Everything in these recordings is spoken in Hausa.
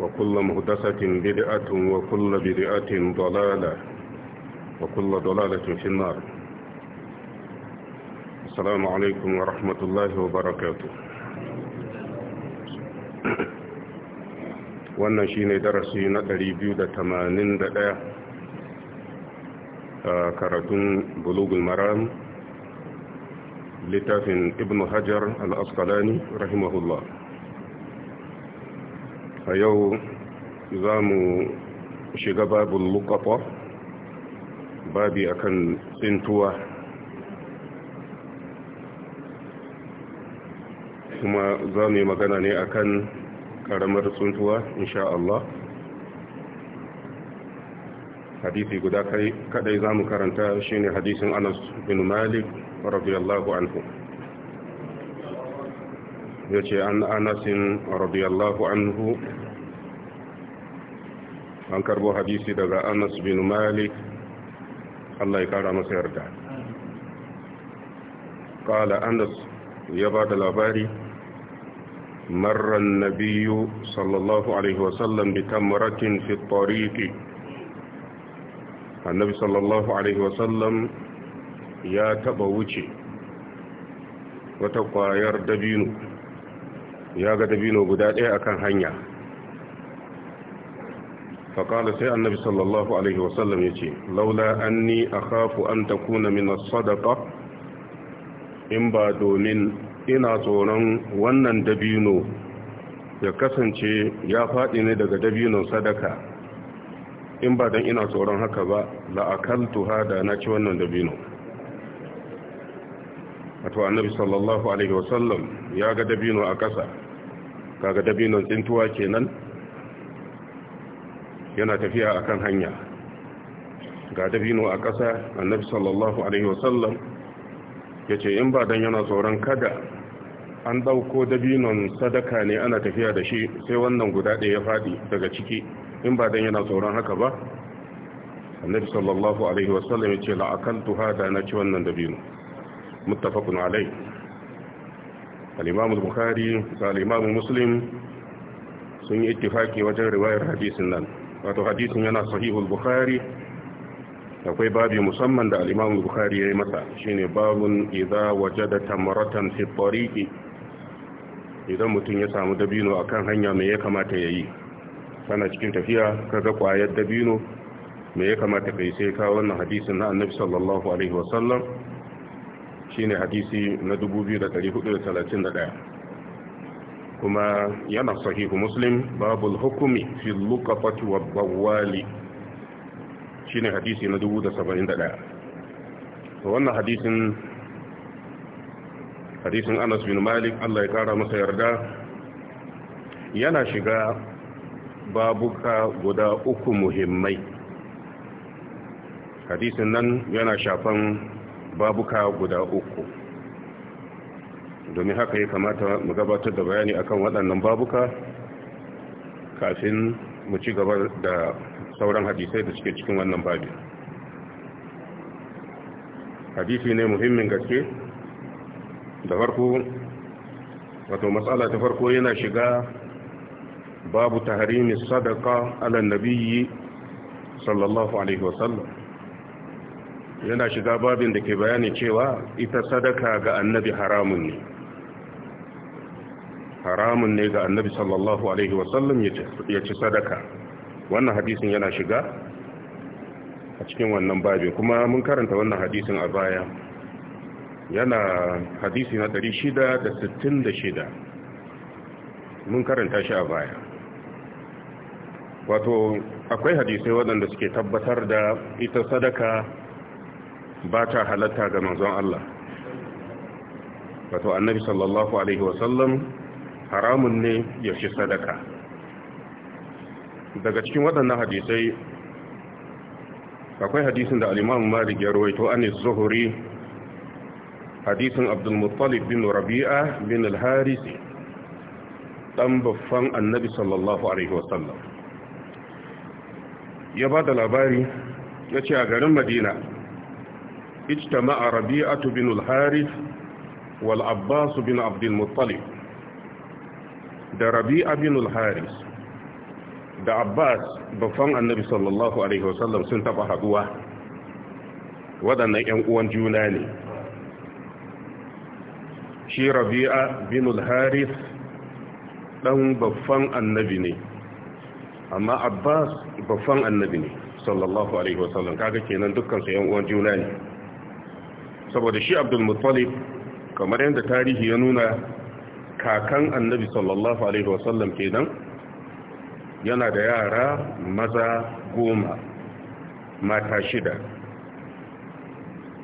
وكل مهدسة بدعة وكل بدعة ضلالة وكل ضلالة في النار السلام عليكم ورحمة الله وبركاته wannan shine darasi na 281 a karatun bulugul maram littafin ibn hajar al-asqalani rahimahullah a yau za mu shiga babin lukata babi akan tsintuwa kuma za mu yi magana ne akan karamar tsintuwa? insha Allah hadisi guda kadai za mu karanta shine hadisin anas bin malik radiyallahu anhu ya ce an anasin radiyallahu anhu an karbo hadisi daga anas bin malik allah ya kara masa yarda kala anas ya ba da labari marran nabiyu sallallahu alaihi wasallam bi tamratin fi tariqi annabi sallallahu alaihi wasallam ya taba wuce wata kwayar dabino ya ga dabino guda ɗaya akan hanya faƙala sai annabi sallallahu alaihi wasallam ya ce laula anni akhafu an takuna min as-sadaqa in ba domin ina tsoron wannan dabino ya kasance ya faɗi ne daga dabinon sadaka in ba don ina tsoron haka ba la'akaltu hada na ci wannan dabino wato annabi sallallahu alaihi wasallam ya ga dabino a ƙasa kaga dabinon tsintuwa kenan yana tafiya a kan hanya ga dabino a ƙasa annabi sallallahu alaihi wasallam ya ce in ba dan yana tsoron kada an ɗauko dabinon sadaka ne ana tafiya da shi sai wannan guda ɗaya ya faɗi daga ciki in ba dan yana tsoron haka ba annabi sallallahu alaihi wasallam ya ce la'akaltu hada na ci wannan dabino muttafaqun alai al-imam bukhari da al-imam muslim sun yi ittifaki wajen riwayar hadisin nan wato hadisin yana sahihul bukhari akwai babi musamman da al-imam bukhari yayi masa shine babun idza wajada tamratan fi tariqi idan mutum ya samu dabino akan hanya me ya kamata yayi kana cikin tafiya kaga kwayar dabino me ya kamata kai sai ka wannan hadisin na annabi sallallahu alaihi wasallam shine hadisi na 2431 kuma yana sahihu muslim babul hukumi fi luqafati wa bawali shine hadisi na 1071 wannan hadisin hadisin Anas bin Malik Allah ya kara masa yarda yana shiga babuka guda uku muhimmai hadisin nan yana shafan babuka guda uku domin haka ya kamata mu gabatar da bayani akan waɗannan babuka kafin mu ci gaba da sauran hadisai da suke cikin wannan babi hadisi ne muhimmin gaske da farko wato matsala ta farko yana shiga babu taharimi sadaka ala nabiyyi sallallahu alaihi wasallam yana shiga babin da ke bayani cewa ita sadaka ga annabi haramun ne haramun ne ga annabi sallallahu alaihi wasallam ya ci sadaka wannan hadisin yana shiga a cikin wannan babin kuma mun karanta wannan hadisin a baya yana hadisi na 666 mun karanta shi a baya wato akwai hadisai waɗanda suke tabbatar da ita sadaka ba ta halatta ga manzon Allah wato annabi sallallahu alaihi wasallam haramun ne ya fi sadaka daga cikin waɗannan hadisai akwai hadisin da alimamu malik ya rawaito zuhuri hadisin abdulmuttalib bin rabi'a bin al ɗan baffan annabi sallallahu alaihi wasallam ya ba da labari ya ce a garin madina ijtama rabi'atu bin al-haris wal abbas bin abdulmuttalib da rabi'a bin al-haris da abbas babban annabi sallallahu alaihi wasallam sun taba haduwa waɗannan ‘yan uwan juna ne shi rabi'a bin al-haris ɗan babban annabi ne amma abbas babban annabi ne sallallahu alaihi wasallam kaga kenan dukkansu ‘yan uwan juna ne saboda shi abdul kamar yadda tarihi ya nuna kakan annabi sallallahu alaihi wasallam kenan yana da yara maza goma mata shida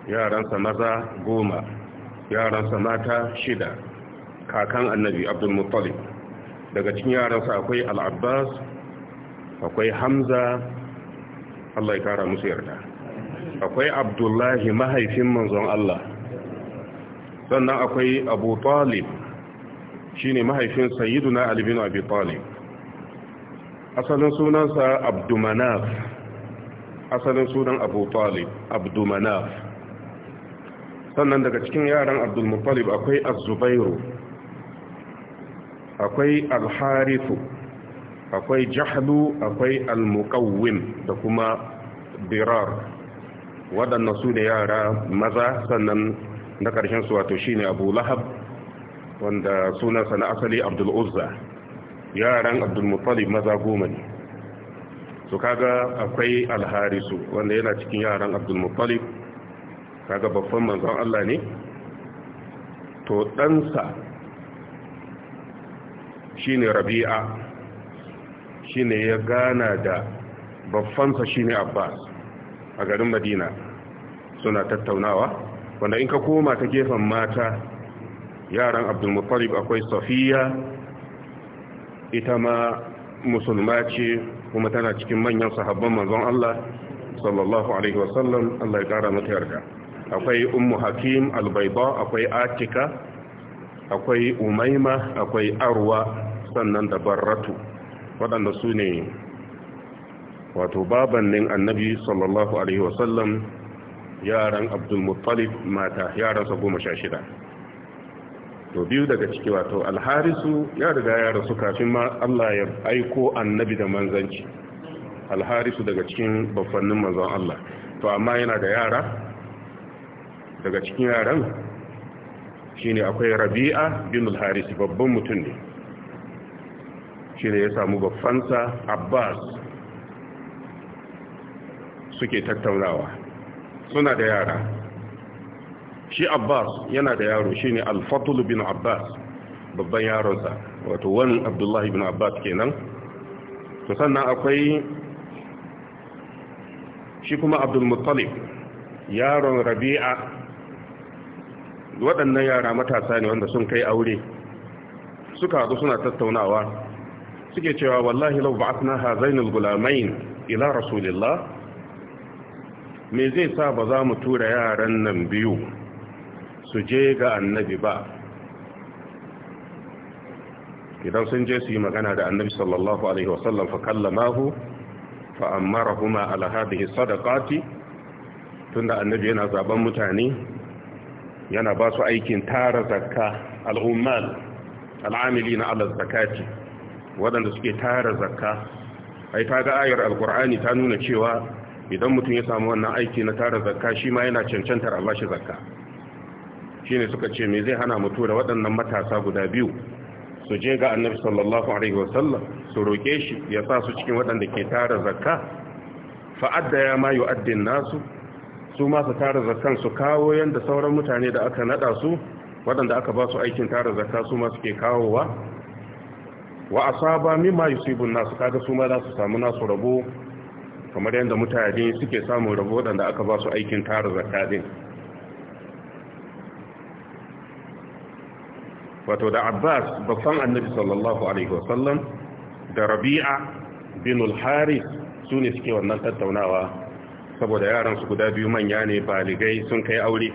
yaransa maza goma yaransa mata shida kakan annabi Abdul muttalib daga cikin yaransa akwai al'abbas akwai hamza allah ya kara musu yarda akwai abdullahi mahaifin manzon allah sannan akwai abu talib shine mahaifin sayyiduna ali bin abi talib asalin sunansa abdumanaf asalin sunan abu talib abdumanaf sannan daga cikin yaran abdulmuttalib akwai az-zubairu akwai al akwai jahlu akwai al da kuma Birar waɗannan su ne yara maza sannan na ƙarshen su wato shine abu lahab wanda sunansa na asali abdul uzza yaran abdul maza goma ne to kaga akwai alharisu wanda yana cikin yaran abdul muttalib kaga babban manzon Allah ne to ɗansa shine rabi'a shine ya gana da babbansa shine abbas a garin madina suna tattaunawa wanda in ka koma ta gefen mata yaran abdulmuttalib akwai safiya ita ma musulma ce kuma tana cikin manyan sahabban manzon Allah sallallahu alaihi wasallam Allah ya kara mata yarda akwai ummu hakim albaiba akwai atika akwai umaima akwai arwa sannan da barratu waɗanda su ne wato babannin annabi sallallahu alaihi wasallam yaran abdulmuttalib mata yaransa goma sha shida to biyu daga ciki wato alharisu ya riga ya rasu kafin ma Allah ya aiko annabi da manzanci alharisu daga cikin bafannin manzon Allah to amma yana da yara daga cikin yaran shine akwai rabi'a bin alharis babban mutum ne shine ya samu babbansa abbas suke tattaunawa suna da yara shi abbas yana da yaro shine al-fatul bin abbas babban yaronsa wato wani abdullahi bin abbas kenan to sannan akwai shi kuma abdulmuttalib yaron rabi'a waɗannan yara matasa ne wanda sun kai aure suka haɗu suna tattaunawa suke cewa wallahi lau ba'athna hazainul gulamain ila rasulillah me zai sa ba za mu tura yaran nan biyu su je ga annabi ba idan sun je su yi magana da annabi sallallahu alaihi wasallam fa kallamahu fa amarahuma ala hadhihi sadaqati tunda annabi yana zaben mutane yana ba su aikin tara zakka al'ummal al'amilina ala zakati waɗanda suke tara zakka ai ta ga ayar alkur'ani ta nuna cewa idan mutum ya samu wannan aiki na tara zakka shi ma yana cancantar Allah shi zakka shine suka ce me zai hana mutu da waɗannan matasa guda biyu su je ga annabi sallallahu alaihi wasallam su roke shi ya sa su cikin waɗanda ke tara zakka fa adda ya ma yu'addin nasu su ma su tara zakkan su kawo yanda sauran mutane da aka nada su waɗanda aka ba su aikin tara zakka su ma suke kawowa wa asaba mimma yusibun nasu kaga su ma za su samu nasu rabo kamar yadda mutane suke samun rabo waɗanda aka ba su aikin tara zakka din wato da abbas babban annabi sallallahu alaihi wasallam da rabi'a bin al-haris su ne suke wannan tattaunawa saboda yaran su guda biyu manya ne baligai sun kai aure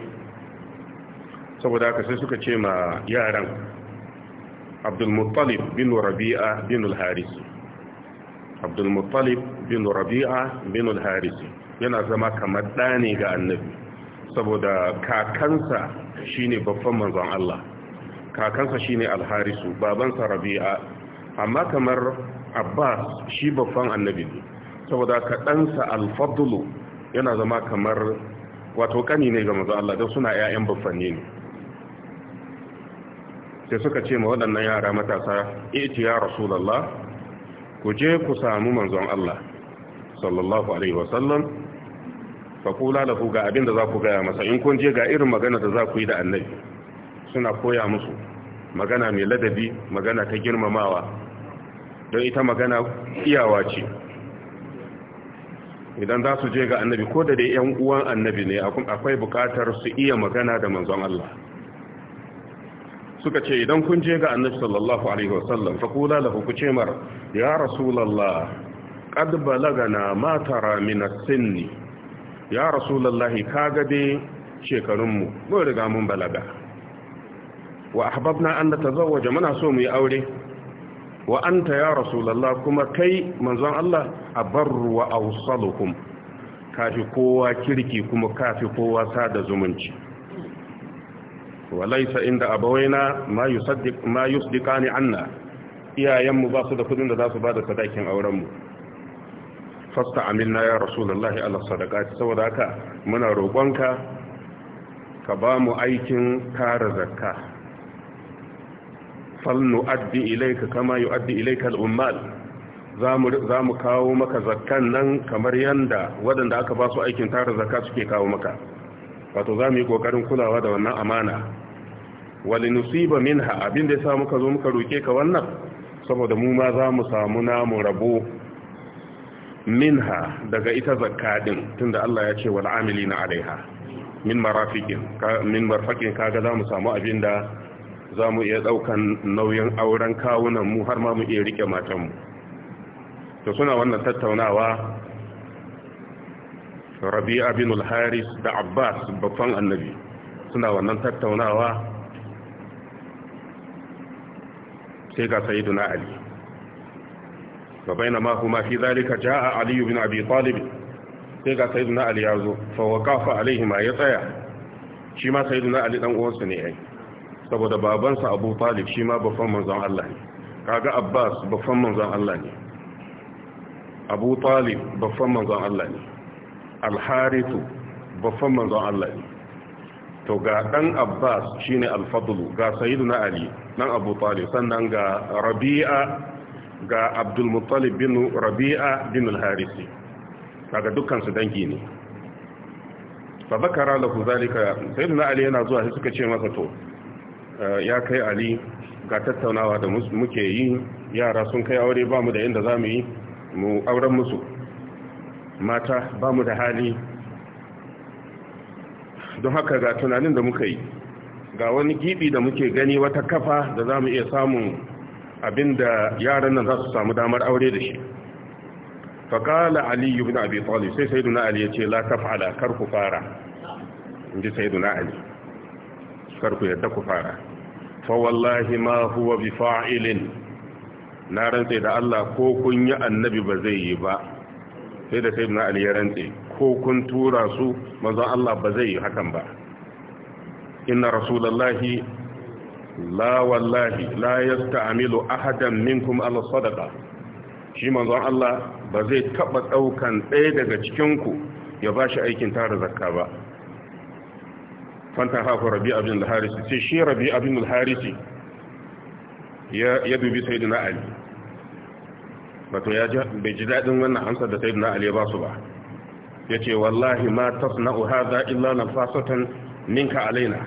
saboda haka sai suka ce ma yaran abdul muttalib bin rabi'a bin al-haris abdul bin rabi'a bin al-haris yana zama kamar ɗa ga annabi saboda kakansa shine babban manzon Allah kakansa shine alharisu babansa rabi'a amma kamar abbas shi babban annabi ne saboda kaɗansa al alfadulu yana zama kamar wato kani ne ga manzo Allah don suna 'ya'yan babbanni ne sai suka ce ma waɗannan yara matasa iti ya rasulallah ku je ku samu manzon Allah sallallahu alaihi wasallam fa kula lahu ga abin da za ku gaya masa in kun je ga irin magana da za ku yi da annabi suna koya musu magana mai ladabi magana ta girmamawa don ita magana iyawa ce idan za su je ga annabi ko da dai yan uwan annabi ne akwai bukatar su iya magana da manzon Allah suka ce idan kun je ga annabi sallallahu alaihi wasallam fa kula lahu ku ce mar ya rasulullah qad balagana ma tara min as-sinni ya rasulullah kaga dai shekarun mu mun riga mun balaga wa ahbabna an natazawwaja muna so mu yi aure wa anta ya rasulullah kuma kai manzon Allah abarru wa awsalukum kafi kowa kirki kuma kafi kowa sada zumunci walaisa inda abawaina ma yusaddiq ma yusdiqani anna iyayenmu ba su da kudin da za su bada da sadakin aurenmu fasta amilna ya rasulullahi ala sadaqati saboda haka muna roƙonka ka ba mu aikin tara zakka falnu'addi ilaika kama yu'addi ilaika al'ummal za mu kawo maka zakkan nan kamar yanda waɗanda aka ba su aikin tara zakka suke kawo maka wato za mu yi ƙoƙarin kulawa da wannan amana wali nusiba minha abin da ya sa muka zo muka roƙe ka wannan saboda mu ma za mu samu namu rabo minha daga ita zakka din tunda Allah ya ce wal amilina alaiha min marafiqin min marfaqin kaga zamu samu abin da za mu iya ɗaukan nauyin auren kawunan mu har ma mu iya rike matanmu to suna wannan tattaunawa rabi'a bin al-haris da abbas babban annabi suna wannan tattaunawa sai ga sayyiduna ali fa ma huma fi zalika jaa ali bin abi talib sai ga sayyiduna ali yazo fa waqafa alaihima ya tsaya shi ma sayyiduna ali dan uwansa ne ai saboda babansa abu talib shi ma bafan manzan Allah ne kaga abbas bafan manzan Allah ne abu talib bafan manzan Allah ne alharitu bafan manzan Allah ne to ga dan abbas ne alfadlu ga sayyiduna ali dan abu talib sannan ga rabi'a ga abdul muttalib bin rabi'a bin al-harisi kaga dukkan su dangi ne fa zakara lahu zalika sayyiduna ali yana zuwa sai suka ce masa to Eh, ya kai ali ga tattaunawa da muke yi yara sun kai aure ba mu da inda za mu yi mu auren musu mata ba mu da hali don haka ga tunanin da muka yi ga wani gibi da muke gani wata kafa da za mu iya samun abin da yaran nan za su samu damar aure da shi faƙala ali ibn abi talib sai duna ali ya ce la taf'ala kar ku fara in ji inji duna ali karku yadda ku fara fawallahi wallahi ma huwa bi fa'ilin na rantse da Allah ko kun yi annabi ba zai yi ba sai da sayyidina ali ya rantse ko kun tura su manzon Allah ba zai yi hakan ba inna rasulullahi la wallahi la yasta'milu ahadan minkum ala sadaqa shi manzon Allah ba zai taba daukan ɗaya daga cikin ku ya bashi aikin tara zakka ba fanta hafa rabi abin al-harisi sai shi rabi abin al-harisi ya dubi sayyidina ali wato ya bai ji daɗin wannan amsar da sayyidina ali ya ba su ba ya ce wallahi ma tasna'u hadha illa nafasatan minka alaina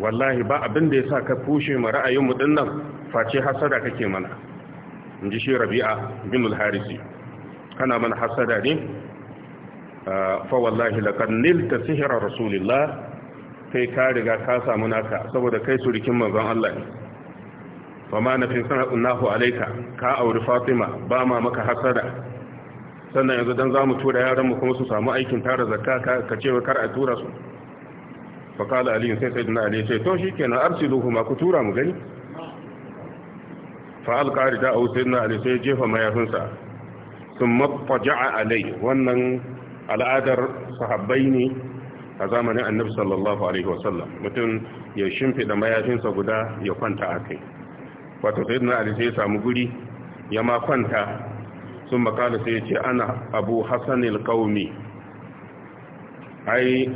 wallahi ba abin da ya sa ka kushe mu ra'ayinmu nan face hasada kake mana inji shi rabi'a bin al-harisi kana mana hasada ne fa wallahi laqad nilta sihra rasulillah kai ka riga ka samu naka saboda kai surikin manzon Allah ne fa ma na fi nahu alayka ka auri fatima ba ma maka hasada sannan yanzu dan zamu tura yaran mu kuma su samu aikin tara zakka ka ce kar a tura su fa kala ali sai sayyidina ali sai to shikenan arsiluhu ma ku tura mu gani fa al qarida au sayyidina ali sai jefa mayafinsa sun mafaja'a alai wannan al'adar sahabbai ne a zamanin annabi sallallahu alaihi wasallam mutum ya shimfida mayafinsa guda ya kwanta a kai wato sai na ali sai ya samu guri ya ma kwanta sun makala sai ya ce ana abu hassanil kaumi ai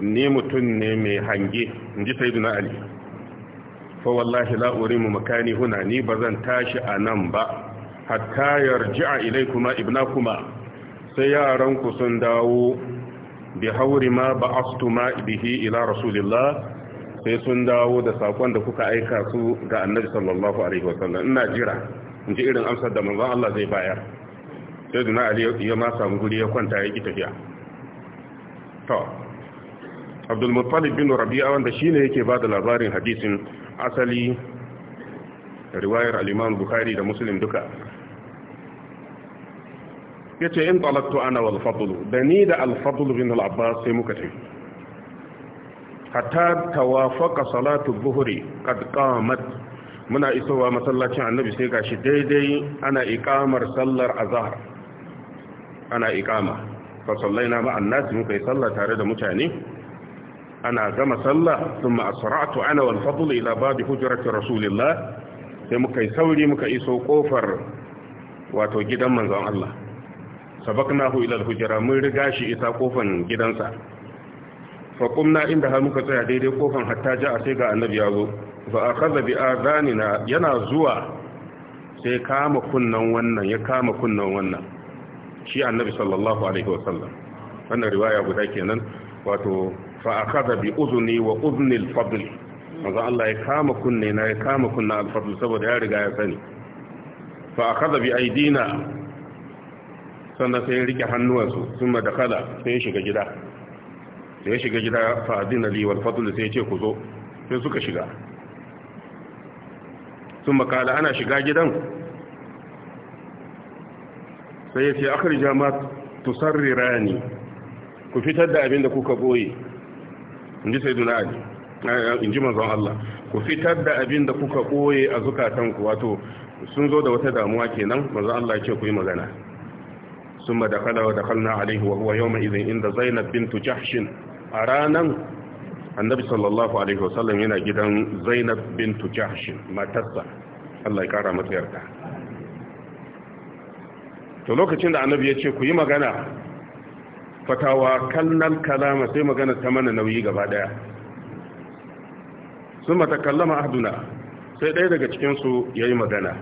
ne mutum ne mai hange in ji sai na ali fa wallahi la'urimu makani huna ni ba zan tashi a nan ba hatta yarji'a ilaikuma ibnakuma sai yaranku sun dawo bi hauri ma ba'astuma bihi ila rasulillah sai sun dawo da sakon da kuka aika su ga annabi sallallahu alaihi wasallam ina jira in ji irin amsar da manzon Allah zai bayar sai duna ali ya ma samu guri ya kwanta ya ki tafiya to Abdul Muttalib bin Rabi'a wanda shine yake ba da labarin hadisin asali riwayar al-Imam Bukhari da Muslim duka ya ce in talattu ana wal da ni da alfadlu bin al'abbas sai muka tafi hatta tawafaka salatu buhuri kad qamat muna isowa masallacin annabi sai gashi daidai ana iqamar sallar azhar ana iqama fa sallaina ma annas muka yi sallah tare da mutane ana gama sallah thumma asra'tu ana wal fadl ila babi rasulillah sai muka yi sauri muka iso kofar wato gidan manzon Allah sabaknahu ila al-hujra mun riga shi isa kofan gidansa fa qumna inda ha muka tsaya daidai kofan hatta ja sai ga annabi ya zo fa akhadha bi adhanina yana zuwa sai kama kunnan wannan ya kama kunnan wannan shi annabi sallallahu alaihi wasallam wannan riwaya guda kenan wato fa akhadha bi udhni wa udhni al-fadl manzo Allah ya kama kunne na ya kama kunnan al-fadl saboda ya riga ya sani fa akhadha bi aidina sannan sai ya rike hannuwansu sun kada sai ya shiga gida sai ya shiga gida fa'adin aliwar fadul sai ya ce ku zo sai suka shiga sun kada ana shiga gidan sai ya ce akar jama tusarri rani ku fitar da abin da kuka boye in ji sai dunani eh, in ji mazan Allah ku fitar da abin da kuka boye a zukatanku wato sun zo da wata damuwa kenan mazan Allah ya ce ku yi magana ثم دخل ودخلنا عليه وهو يومئذ عند زينب بنت جحش أرانا النبي صلى الله عليه وسلم هنا جدا زينب بنت جحش ما تسع الله يكرم تيرتا to lokacin da annabi ya ce ku yi magana fatawa kallon kalama sai magana ta mana nauyi gaba daya sun mata kallama ahduna sai ɗaya daga cikinsu ya yi magana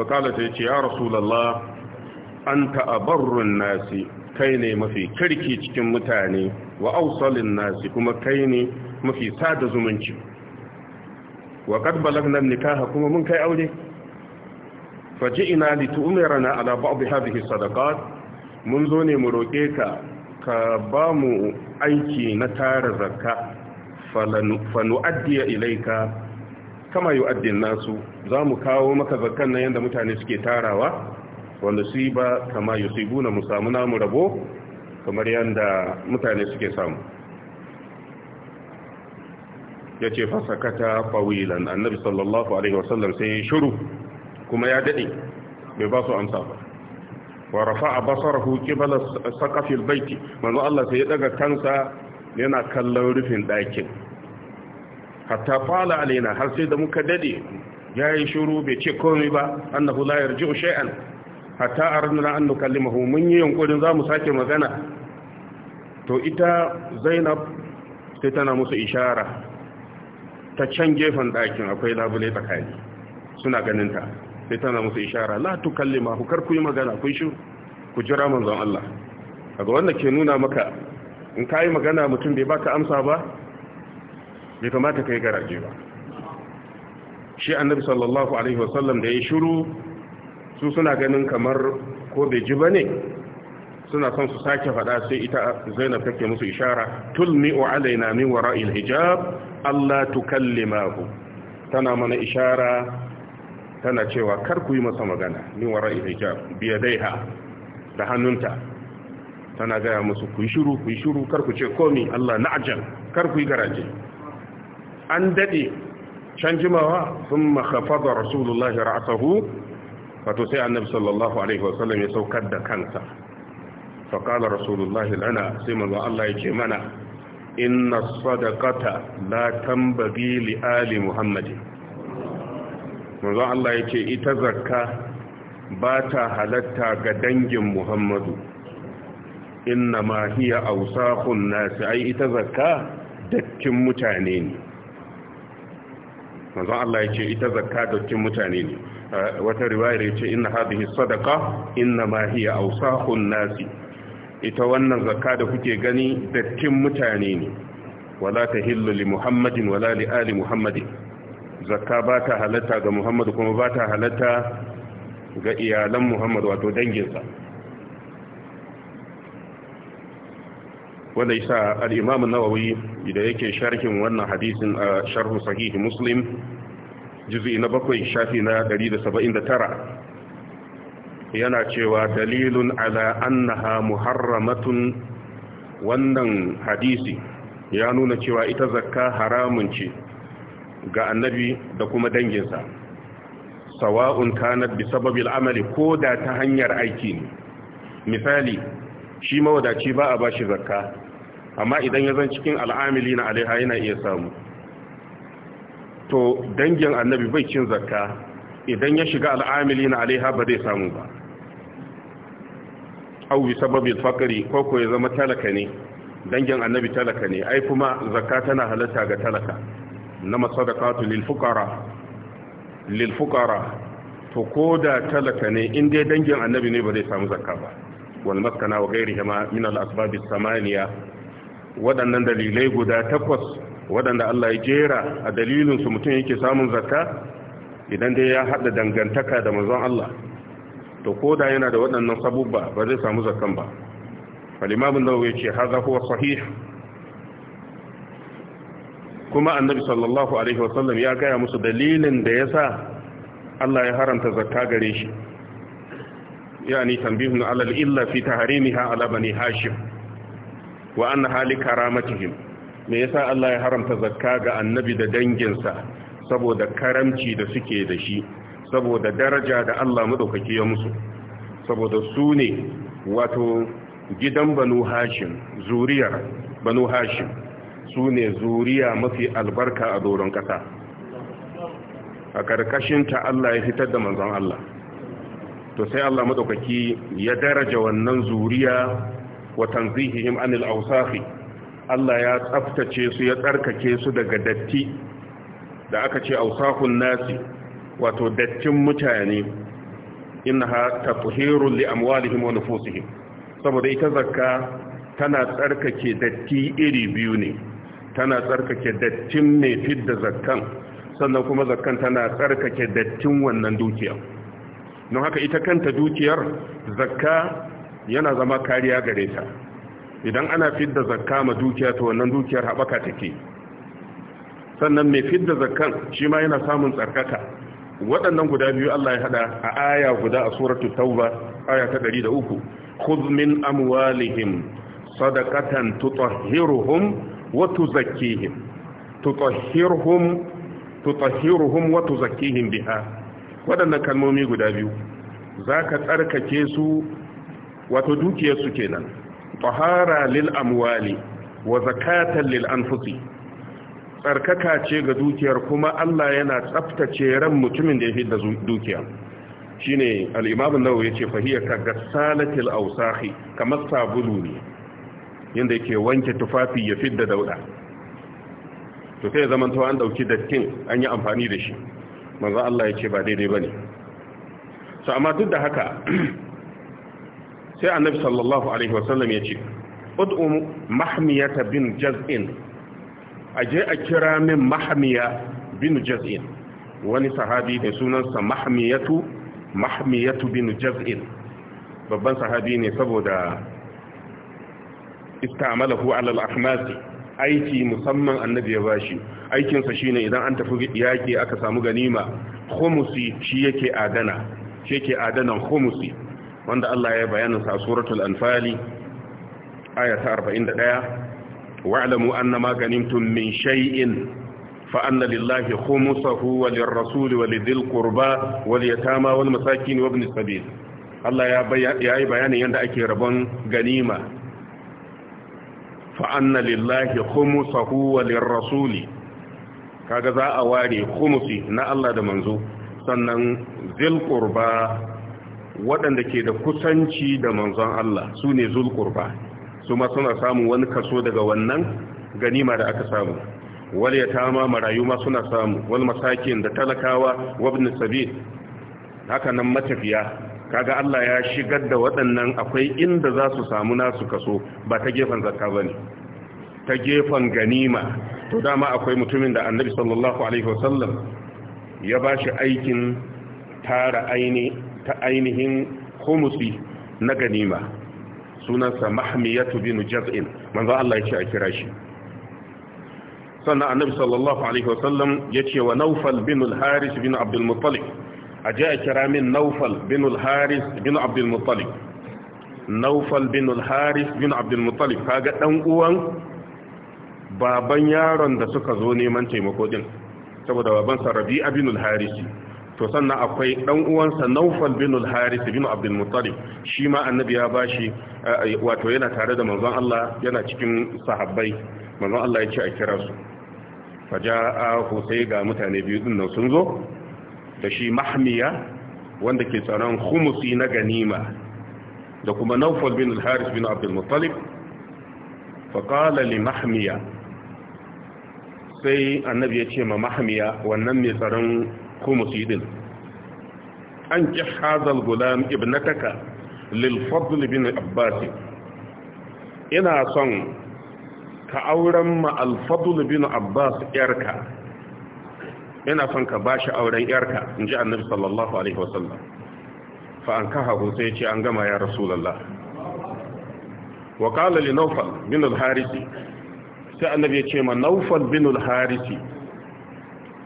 fakalata ya ce ya rasulallah an ta'abarrun nasi kai ne mafi kirki cikin mutane wa ausalin nasi kuma kai ne mafi sada zumunci wa kad balagna nikaha kuma mun kai aure faji'ina litu'mirana ala ba'd hadhihi sadaqat mun zo ne mu roke ka ka ba mu aiki na tara zakka addiya ilaika kama addin nasu za mu kawo maka zakkan nan yadda mutane suke tarawa wanda su ba kama yi na mu samu namu rabo kamar yadda mutane suke samu ya ce fasakata fawilan annabi sallallahu alaihi wasallam sai ya shuru kuma ya daɗe bai ba su amsa ba wa rafa'a basarahu qibala saqafil baiti manzo Allah sai ya daga kansa yana kallon rufin ɗakin hatta fala alaina har sai da muka ya yayi shiru bai ce komai ba annahu la yarji'u shay'an hatta arna an limahu mun yi yankurin za mu sake magana to ita zainab sai tana musu ishara ta can gefen ɗakin akwai labule tsakani suna ganinta sai tana musu ishara la tukallimahu kar ku yi magana kun shi ku jira manzon Allah kaga wanda ke nuna maka in kai magana mutum bai baka amsa ba bai kamata kai garaje ba shi annabi sallallahu alaihi wasallam da ya shiru su suna ganin kamar ko bai ji ba ne suna son su sake faɗa sai ita zainab take musu ishara tulmi wa alaina min wara'il hijab Allah tukallimahu tana mana ishara tana cewa kar ku yi masa magana min wara'il hijab biyadaiha da hannunta tana gaya musu ku shiru ku shiru kar ku ce komi Allah na'jal kar ku yi garaje an dade canjimawa jimawa sun makafada rasulullahi ra'asahu wato sai annabi sallallahu alaihi wasallam ya saukar da kansa fa qala rasulullahi lana sai manzo Allah ya ce mana inna sadaqata la tambagi li ali muhammadin manzo Allah ya ce ita zakka ba ta halatta ga dangin muhammadu inna ma hiya awsaqun nas ai ita zakka dakkin mutane ne manzo Allah ya ce ita zakka dakkin mutane ne wata riwayar yace inna hadhihi sadaqa inna ma hiya awsaqun nasi ita wannan zakka da kuke gani dattin mutane ne wala tahillu li muhammadin wala li ali muhammadin zakka ba ta halatta ga Muhammadu kuma ba ta halatta ga iyalan Muhammadu wato danginsa wanda isa al'imamun nawawi da yake sharhin wannan hadisin a sharhu sahihi muslim juzi na bakwai shafi na 179 yana cewa dalilun ala annaha muharramatun wannan hadisi ya nuna cewa ita zakka haramun ce ga annabi da kuma danginsa sawa'un kanat bi sababil amali ko da ta hanyar aiki ne misali shi mawadaci ba a bashi zakka amma idan ya zan cikin al'amili na alaiha yana iya samu to dangin annabi bai cin zakka idan ya shiga al'amili na alaiha ba zai samu ba au sababin fakari ko ko ya zama talaka ne dangin annabi talaka ne ai kuma zakka tana halatta ga talaka na masadaqatu lil fuqara lil fuqara to da talaka ne in dai dangin annabi ne ba zai samu zakka ba wal maskana wa ghairihi ma min al asbab samaniya Waɗannan dalilai guda takwas waɗanda Allah ya jera a dalilinsu mutum yake samun zakka idan dai ya haɗa dangantaka da manzon Allah to ko da yana da waɗannan sabubba ba zai samu zakkan ba falimamin da ya ce haza kuwa sahih kuma annabi sallallahu alaihi wasallam ya gaya musu dalilin da ya sa Allah ya haramta zakka gare shi yani tambihun alal illa fi taharimiha ala bani hashim wa annaha li karamatihim me yasa Allah ya haramta zakka ga annabi da danginsa saboda karamci da suke da shi saboda daraja da Allah madaukake ya musu saboda su ne wato gidan banu hashim zuriyar banu hashim su ne zuriya mafi albarka a doron kasa a karkashinta Allah ya fitar da manzon Allah to sai Allah madaukaki ya daraja wannan zuriya wa tanzihihim anil awsafi Allah ya tsaftace su ya tsarkake su daga datti da aka ce ausahun nasi wato dattin mutane innaha tafhirun li amwalihim wa nufusihim saboda ita zakka tana tsarkake datti iri biyu ne tana tsarkake dattin ne fidda zakkan sannan kuma zakkan tana tsarkake dattin wannan dukiya don haka ita kanta dukiyar zakka yana zama kariya gare ta idan ana fidda zakka ma dukiya to wannan dukiyar haɓaka take sannan mai fidda zakkan shi ma yana samun tsarkaka waɗannan guda biyu Allah ya haɗa a aya guda a suratu tauba aya ta 103 khudh min amwalihim sadaqatan tutahhiruhum wa tuzakkihim tutahhiruhum tutahhiruhum wa tuzakkihim biha waɗannan kalmomi guda biyu zaka tsarkake su wato dukiyar su kenan tahara lil amwali wa zakatan lil tsarkaka ce ga dukiyar kuma Allah yana tsaftace ran mutumin da ya fi da dukiya shine al-imam an-nawawi yace fahiya ka gasalatil awsahi kamar sabulu ne yanda yake wanke tufafi ya fidda dauda to sai zaman to an dauki dattin an yi amfani da shi manzo Allah yace ba daidai bane To amma duk da haka sai annabi sallallahu alaihi wasallam ya ce ud'u mahmiyata bin jaz'in je a kira min mahmiya bin jaz'in wani sahabi da sunansa mahmiyatu mahmiyatu bin jaz'in babban sahabi ne saboda istamalahu alal ahmasi aiki musamman annabi ya bashi aikinsa shine idan an tafi yaki aka samu ganima khumusi shi yake adana shi yake adanan khumusi wanda Allah ya bayanin sa suratul anfali aya ta 41 wa'lamu anna ma ganimtum min shay'in fa anna lillahi khumsahu wa lirrasuli wa lidhil qurba wal yatama wal masakin wa ibn sabil Allah ya yi bayanin yadda ake rabon ganima fa'anna lillahi khumusahu wa lirrasuli kaga za a ware khumusi na Allah da manzo sannan zil zilkurba waɗanda ke da kusanci da manzon Allah su ne zulkurba su ma suna samun wani kaso daga wannan ganima da aka samu wal yatama marayu ma suna samu wal masakin da talakawa wabni sabil haka nan matafiya kaga Allah ya shigar da waɗannan akwai inda za su samu nasu kaso ba ta gefen zakka bane ta gefen ganima to dama akwai mutumin da Annabi sallallahu alaihi wasallam ya bashi aikin tara aini ta ainihin humusi na ganima sunansa mahmiyatu bin jaz'in manzo Allah ya ce a kira shi sannan annabi sallallahu alaihi wasallam ya ce wa naufal bin al-haris bin abdul muttalib a je a kira min naufal bin al-haris bin abdul muttalib naufal bin al-haris bin abdul muttalib kaga dan uwan baban yaron da suka zo neman taimako din saboda baban sa rabi'a bin al-harisi to sannan akwai dan uwansa Naufal bin al-Harith bin Abdul Muttalib shi ma annabi ya bashi eh, wato yana tare da manzon Allah yana cikin sahabbai manzon Allah ya ce a kira su faja'ahu sai ga mutane biyu din nan sun zo da shi Mahmiya wanda ke tsaron khumusi na ganima da kuma Naufal bin al-Harith bin Abdul Muttalib fa qala li Mahmiya sai annabi ya ce ma mahamiya wannan mai tsaron yi din an ƙi hazal gudan ibnataka lil fadl bin abbas ina son ka auren ma al fadl bin abbas ƴarka. ina son ka ba shi auren ƴarka, yarka inji annabi sallallahu alaihi wasallam fa an kahahu sai ce an gama ya rasulullah wa qala li nawfal bin al harisi sai annabi ya ce ma naufal binul harisi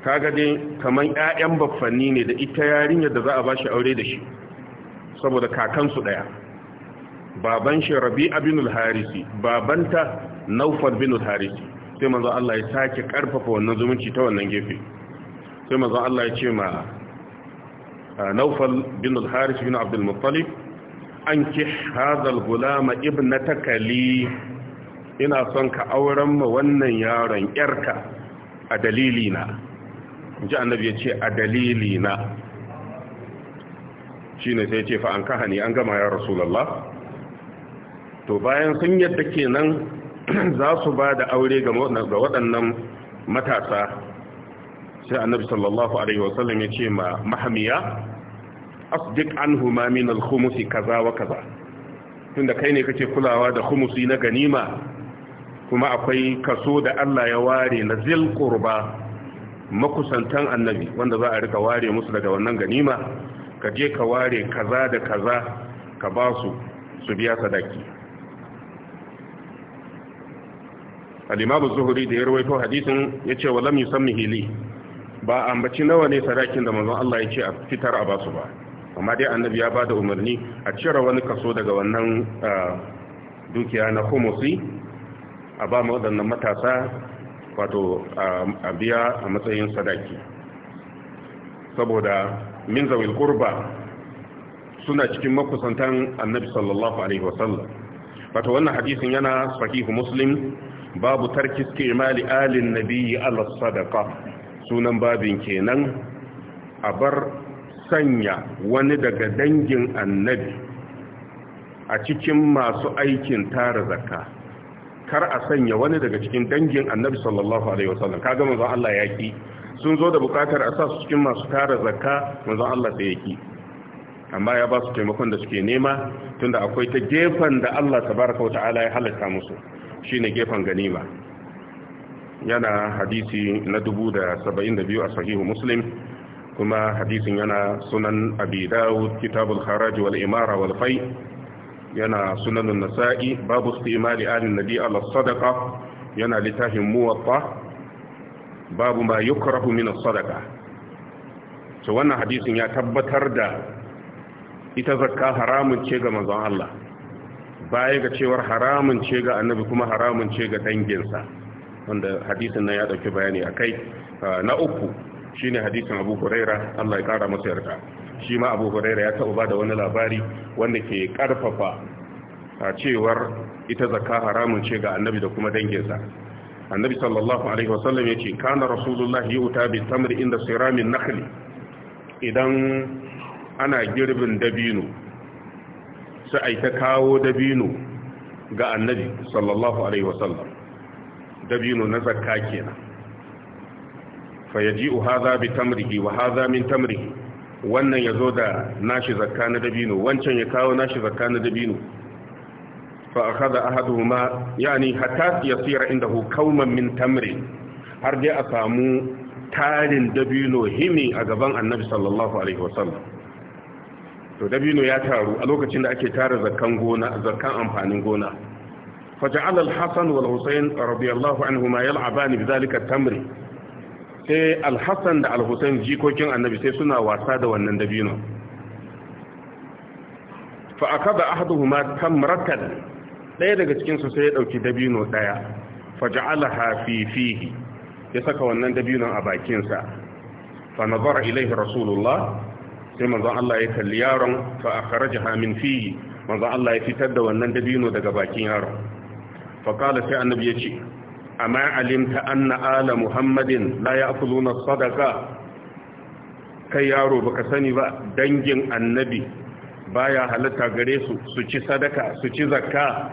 kaga dai kaman ƴaƴan baffanni ne da ita yarinyar da za a bashi aure da shi saboda kakansu daya baban shi rabi'a binul harisi babanta naufal binul harisi sai manzo Allah ya sake karfafa wannan zumunci ta wannan gefe sai manzo Allah ya ce ma naufal binul harisi bin abdul muttalib ankih hadha al-gulama ibnataka li ina son ka auren ma wannan yaron yarka a dalilina ji annabi ya ce a dalilina shi ne sai ce fa an kaha ne an gama ya rasulallah to bayan sun yadda kenan za su ba da aure ga waɗannan matasa sai annabi sallallahu alaihi wasallam ya ce ma mahamiya duk an huma min alhumusi kaza wa kaza tunda kai ne kake kulawa da khumusi na ganima kuma akwai kaso da Allah ya ware na zil qurba makusantan annabi wanda za a rika ware musu daga wannan ganima ka je ka ware kaza da kaza ka ba su su biya sadaki al zuhuri da ya rawaito hadisin yace wa lam yusammihi mihili ba ambaci nawa ne sadakin da manzon Allah ya ce a fitar a basu ba amma dai annabi ya bada umarni a cire wani kaso daga wannan ah, dukiya na humusi a ba mu waɗannan matasa wato a biya a matsayin sadaki saboda min zawil kurba suna cikin makusantan annabi sallallahu alaihi wasallam wato wannan hadisin yana sahihu muslim babu tarki istimali alin nabiyyi ala sadaqa sunan babin kenan a bar sanya wani daga dangin annabi a cikin masu aikin tara zakka kar a sanya wani daga cikin dangin annabi sallallahu alaihi wasallam kaga manzon Allah ya ki sun zo da bukatar a sa su cikin masu tara zakka manzon Allah sai ya ki amma ya ba su taimakon da suke nema tunda akwai ta gefen da Allah tabaraka wa ta'ala ya halatta musu shine gefen ganima yana hadisi na 1072 a sahihu muslim kuma hadisin yana sunan abi dawud kitabul kharaj wal imara wal fai yana sunanin nasa'i babu istimali alin nabi ala sadaqa yana littafin muwatta babu ma yukrahu min sadaqa to wannan hadisin ya tabbatar da ita zakka haramun ce ga manzon Allah baya ga cewar haramun ce ga annabi kuma haramun ce ga danginsa wanda hadisin nan ya dauki bayani akai ah, na uku shine hadisin Abu Huraira Allah ya kara masa yarda shi ma abu huraira ya taɓa ba da wani labari wanda ke ƙarfafa a cewar ita zakka haramun ce ga annabi da kuma danginsa annabi sallallahu alaihi wasallam ya ce kana rasulullahi yi wuta bi tamar inda siramin nakhli idan ana girbin dabino sai ta kawo dabino ga annabi sallallahu alaihi wasallam dabino na zakka kenan fayaji'u hadha bi tamrihi wa hadha min tamrihi wannan ya zo da nashi zakka na dabino wancan ya kawo nashi zakka na dabino fa akhadha ahaduhuma yani hatta yasira indahu kauman min tamri har dai a samu tarin dabino himi a gaban annabi sallallahu alaihi wasallam to dabino ya taru a lokacin da ake tara zakkan gona zakkan amfanin gona faja'ala al-hasan wal husayn radiyallahu anhuma yal'abani bi dhalika at-tamri sai alhassan da alhussein jikokin annabi sai suna wasa da wannan dabino fa aka da ahaduhuma tamratan ɗaya daga cikinsu sai ya ɗauki dabino ɗaya fa ja'ala hafifihi ya saka wannan dabinon a bakinsa fa nazara ilaihi rasulullah sai manzon Allah ya kalli yaron fa akhrajaha min fihi manzon Allah ya fitar da wannan dabino daga bakin yaron fa qala sai annabi ya ce amma alimta anna ala muhammadin la ya'kuluna sadaqa kai yaro baka sani ba dangin annabi baya halatta gare su su ci sadaka su ci zakka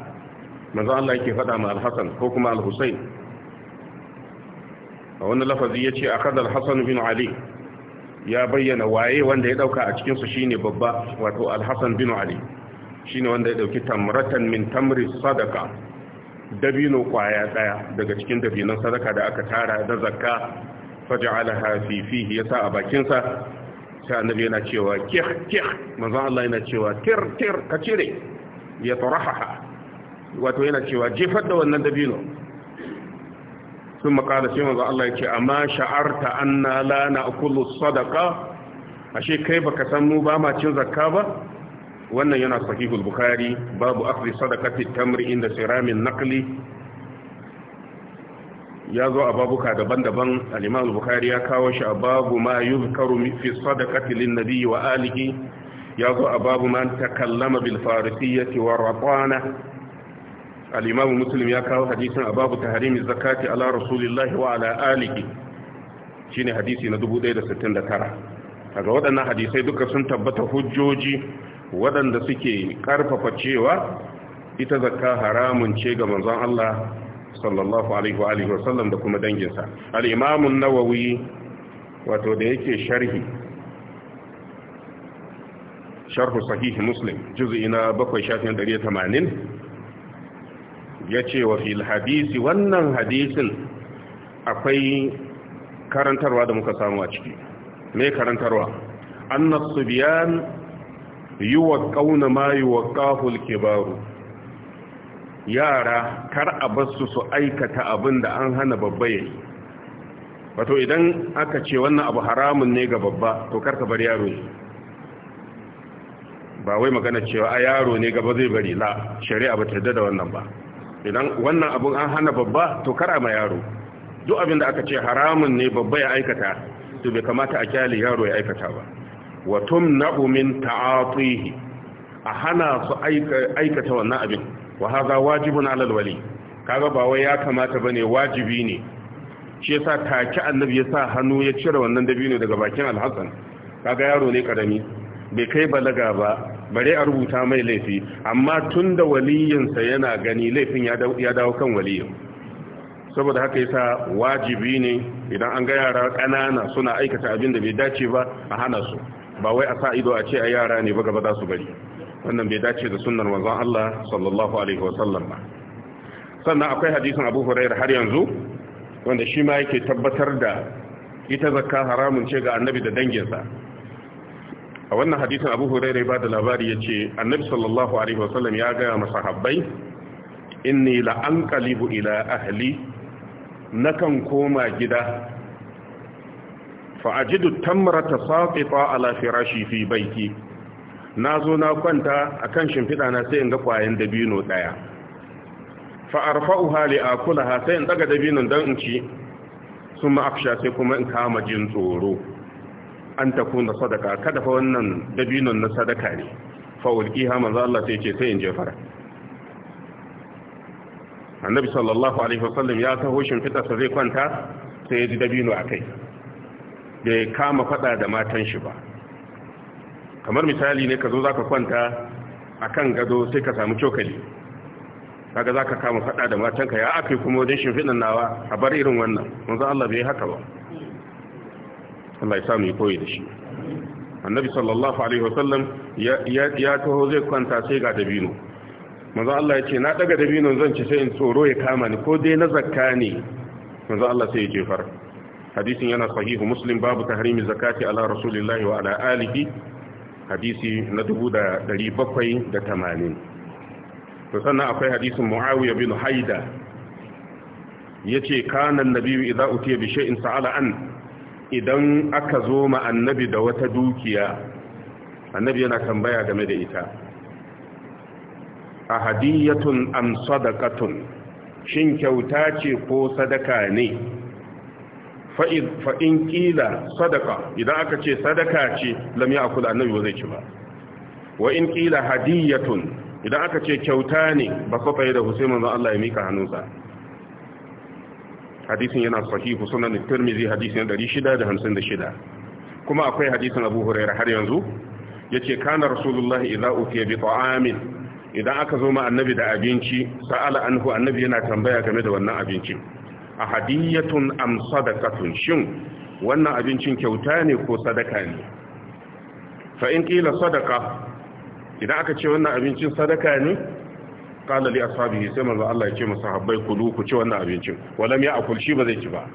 manzo Allah yake faɗa ma al ko kuma al a wani lafazi ya ce al-Hasan bin Ali ya bayyana waye wanda ya ɗauka a cikinsu su shine babba wato al bin Ali shine wanda ya ɗauki tamratan min tamri sadaka dabino kwaya daya daga cikin dabinan sadaka da aka tara da zakka faj'alaha fi fihi yasa a bakin sa sai annabi yana cewa kih kih manzo Allah yana cewa tir tir ka cire ya tarahaha wato yana cewa jefar da wannan dabino sun makala sai manzo Allah ya ce amma sha'arta anna la na'kulu sadaqa ashe kai baka san mu ba ma cin zakka ba wannan yana sahihul bukhari babu akhri sadaqati tamri inda siramin naqli ya zo a babuka daban-daban al-imam al-bukhari ya kawo shi a babu ma yuzkaru fi sadaqati lin-nabi wa alihi ya zo a babu man takallama bil farisiyyati wa ratana al-imam muslim ya kawo hadisin a babu tahrimi zakati ala rasulillahi wa ala alihi shine hadisi na 1069 daga waɗannan hadisai duka sun tabbata hujjoji waɗanda suke ƙarfafa cewa ita zakka haramun ce ga manzon Allah sallallahu alaihi wa alihi da kuma danginsa al-imam nawawi wato da yake sharhi sharhu sahihi muslim juz'i na 7 shafin 180 yace wa fil hadisi wannan hadisin akwai karantarwa da muka samu a ciki me karantarwa annas subyan yi wa ƙauna ma yi wa ƙahul kibaru yara kar a basu su aikata abin da an hana babba ya yi wato idan aka ce wannan abu haramun ne ga babba to kar ka bar yaro ne ba wai magana cewa a yaro ne gaba zai bari la shari'a ba ta da wannan ba idan wannan abun an hana babba to kara ma yaro duk abin da aka ce haramun ne babba ya aikata to bai kamata a kyale yaro ya aikata ba wa tumna'u min ta'atihi a hana su aikata wannan abin wa haza wajibun alal wali kaga ba wai ya kamata bane wajibi ne shi yasa take annabi yasa hannu ya cire wannan dabino daga bakin alhassan kaga yaro ne karami bai kai balaga ba bare a rubuta mai laifi amma tunda sa yana gani laifin ya dawo kan waliyin saboda haka yasa wajibi ne idan an ga yara ƙanana suna aikata abin da bai dace ba a hana su ba wai a sa ido a ce a yara ne ba gaba za su bari wannan bai dace da sunnar manzon Allah sallallahu alaihi wasallam ba sannan akwai hadisin Abu Hurairah har yanzu wanda shi ma yake tabbatar da ita zakka haramun ce ga annabi da danginsa a wannan hadisin Abu Hurairah ba da labari ce annabi sallallahu alaihi wasallam ya ga masahabbai inni la anqalibu ila ahli nakan koma gida fa'ajidu tamrata a ala shi fi Na zo na kwanta a kan shimfida na sai in ga kwayan dabino ɗaya. fa arfa'uha li akulaha sai in ɗaga dabinon don in ci sun afsha sai kuma in kama jin tsoro an takuna sadaka kada fa wannan dabinon na sadaka ne fa ulqiha manzo Allah sai ce sai in jefar annabi sallallahu alaihi wasallam ya taho shimfida sa zai kwanta sai ya ji dabino kai. bai kama fada da matan shi ba kamar misali ne ka zo za ka kwanta a kan gado sai ka samu cokali kaga za ka kama fada da matanka ya aka kuma wajen shimfiɗin nawa a bar irin wannan wanzu Allah bai haka ba Allah ya samu ya koyi da shi annabi sallallahu alaihi wasallam ya taho zai kwanta sai ga dabino manzo Allah ya ce na daga dabino zan ci sai in tsoro ya kama ni ko dai na zakka ne manzo Allah sai ya jefar hadisin yana sahihu muslim babu tahrimi zakati ala rasulillahi wa ala alihi hadisi na tamanin. to sannan akwai hadisin muawiya bin haida yace kana annabi idza utiya bi shay'in sa'ala an idan aka zo ma annabi da wata dukiya annabi yana tambaya game da ita a hadiyatun am sadaqatun shin kyauta ce ko sadaka ne fa'in ƙila sadaka idan aka ce sadaka ce lam a kula annabi ba zai ci ba wa in ƙila hadiyatun idan aka ce kyauta ne ba kwafaye da hussein manzan Allah ya mika hannunsa hadisin yana sahihu sunan tirmizi hadisin 656 kuma akwai hadisin abu huraira har yanzu ya ce kana rasulullahi idza uke bi ta'amin idan aka zo ma annabi da abinci sa'ala anhu annabi yana tambaya game da wannan abincin a hadiyatun am sadaqatun shin wannan abincin kyauta ne ko sadaka ne fa in qila sadaqa idan aka ce wannan abincin sadaka ne qala li ashabihi sai maza Allah ya ce masu habbai kulu ku ci wannan abincin walam ya akul shi ba zai ci ba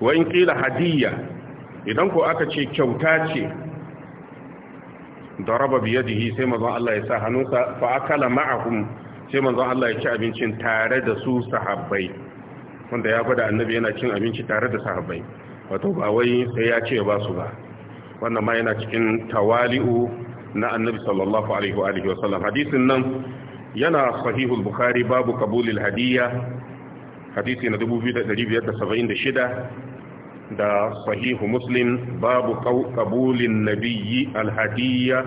wa in qila hadiyya idan ko aka ce kyauta ce da raba daraba biyadihi sai maza Allah ya sa hannunsa fa akala ma'ahum sai maza Allah ya ci abincin tare da su sahabbai wanda ya gwada annabi yana cin abinci tare da sahabbai wato ba wai sai ya ce ba su ba wannan ma yana cikin tawali'u na annabi sallallahu alaihi wa alihi wasallam hadisin nan yana sahihul bukhari babu kabulil hadiyya hadisi na 2576 da sahihu muslim babu kabulin nabiyyi alhadiyya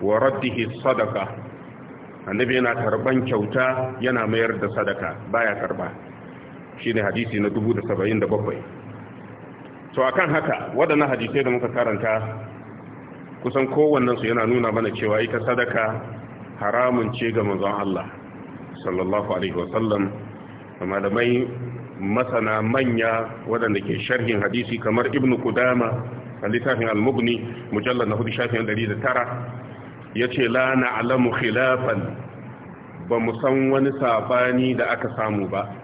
wa raddihi sadaka annabi yana karban kyauta yana mayar da sadaka baya karba Shi ne hadisi na da 1077 to a kan haka waɗannan hadisai da muka karanta kusan kowannensu yana nuna mana cewa ita sadaka haramun ce ga manzon Allah sallallahu alaihi wasallam malamai masana manya waɗanda ke sharhin hadisi kamar ibnu kudama a littafin al-mubni mujallar na hudu shafin tara, ya ce lana alamu khilafan ba mu san wani sabani da aka samu ba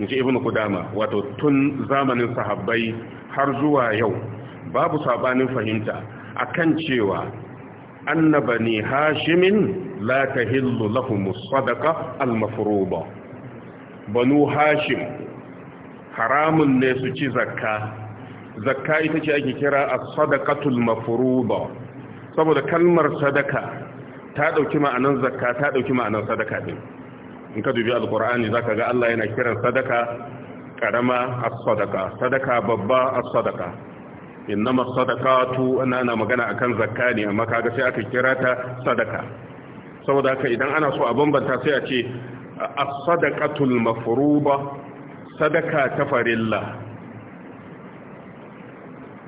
in ji ibn kudama wato tun zamanin sahabbai har zuwa yau babu sabanin fahimta akan cewa annaba ne hashimin la tahillu lahum sadaqa al-mafruḍa banu hashim haramun ne su ci zakka zakka ita ce ake kira as-sadaqatul mafruḍa saboda kalmar sadaka ta dauki ma'anar zakka ta dauki ma'anar sadaka din in ka dubi alkur'ani zaka ga Allah yana kiran sadaka karama a sadaka, sadaka babba sadaka, sadaqa innama sadaqatu ana ana magana akan zakka ne amma kaga sai aka kira ta sadaka saboda haka idan ana so a bambanta sai a ce as-sadaqatul mafruba sadaka ta farilla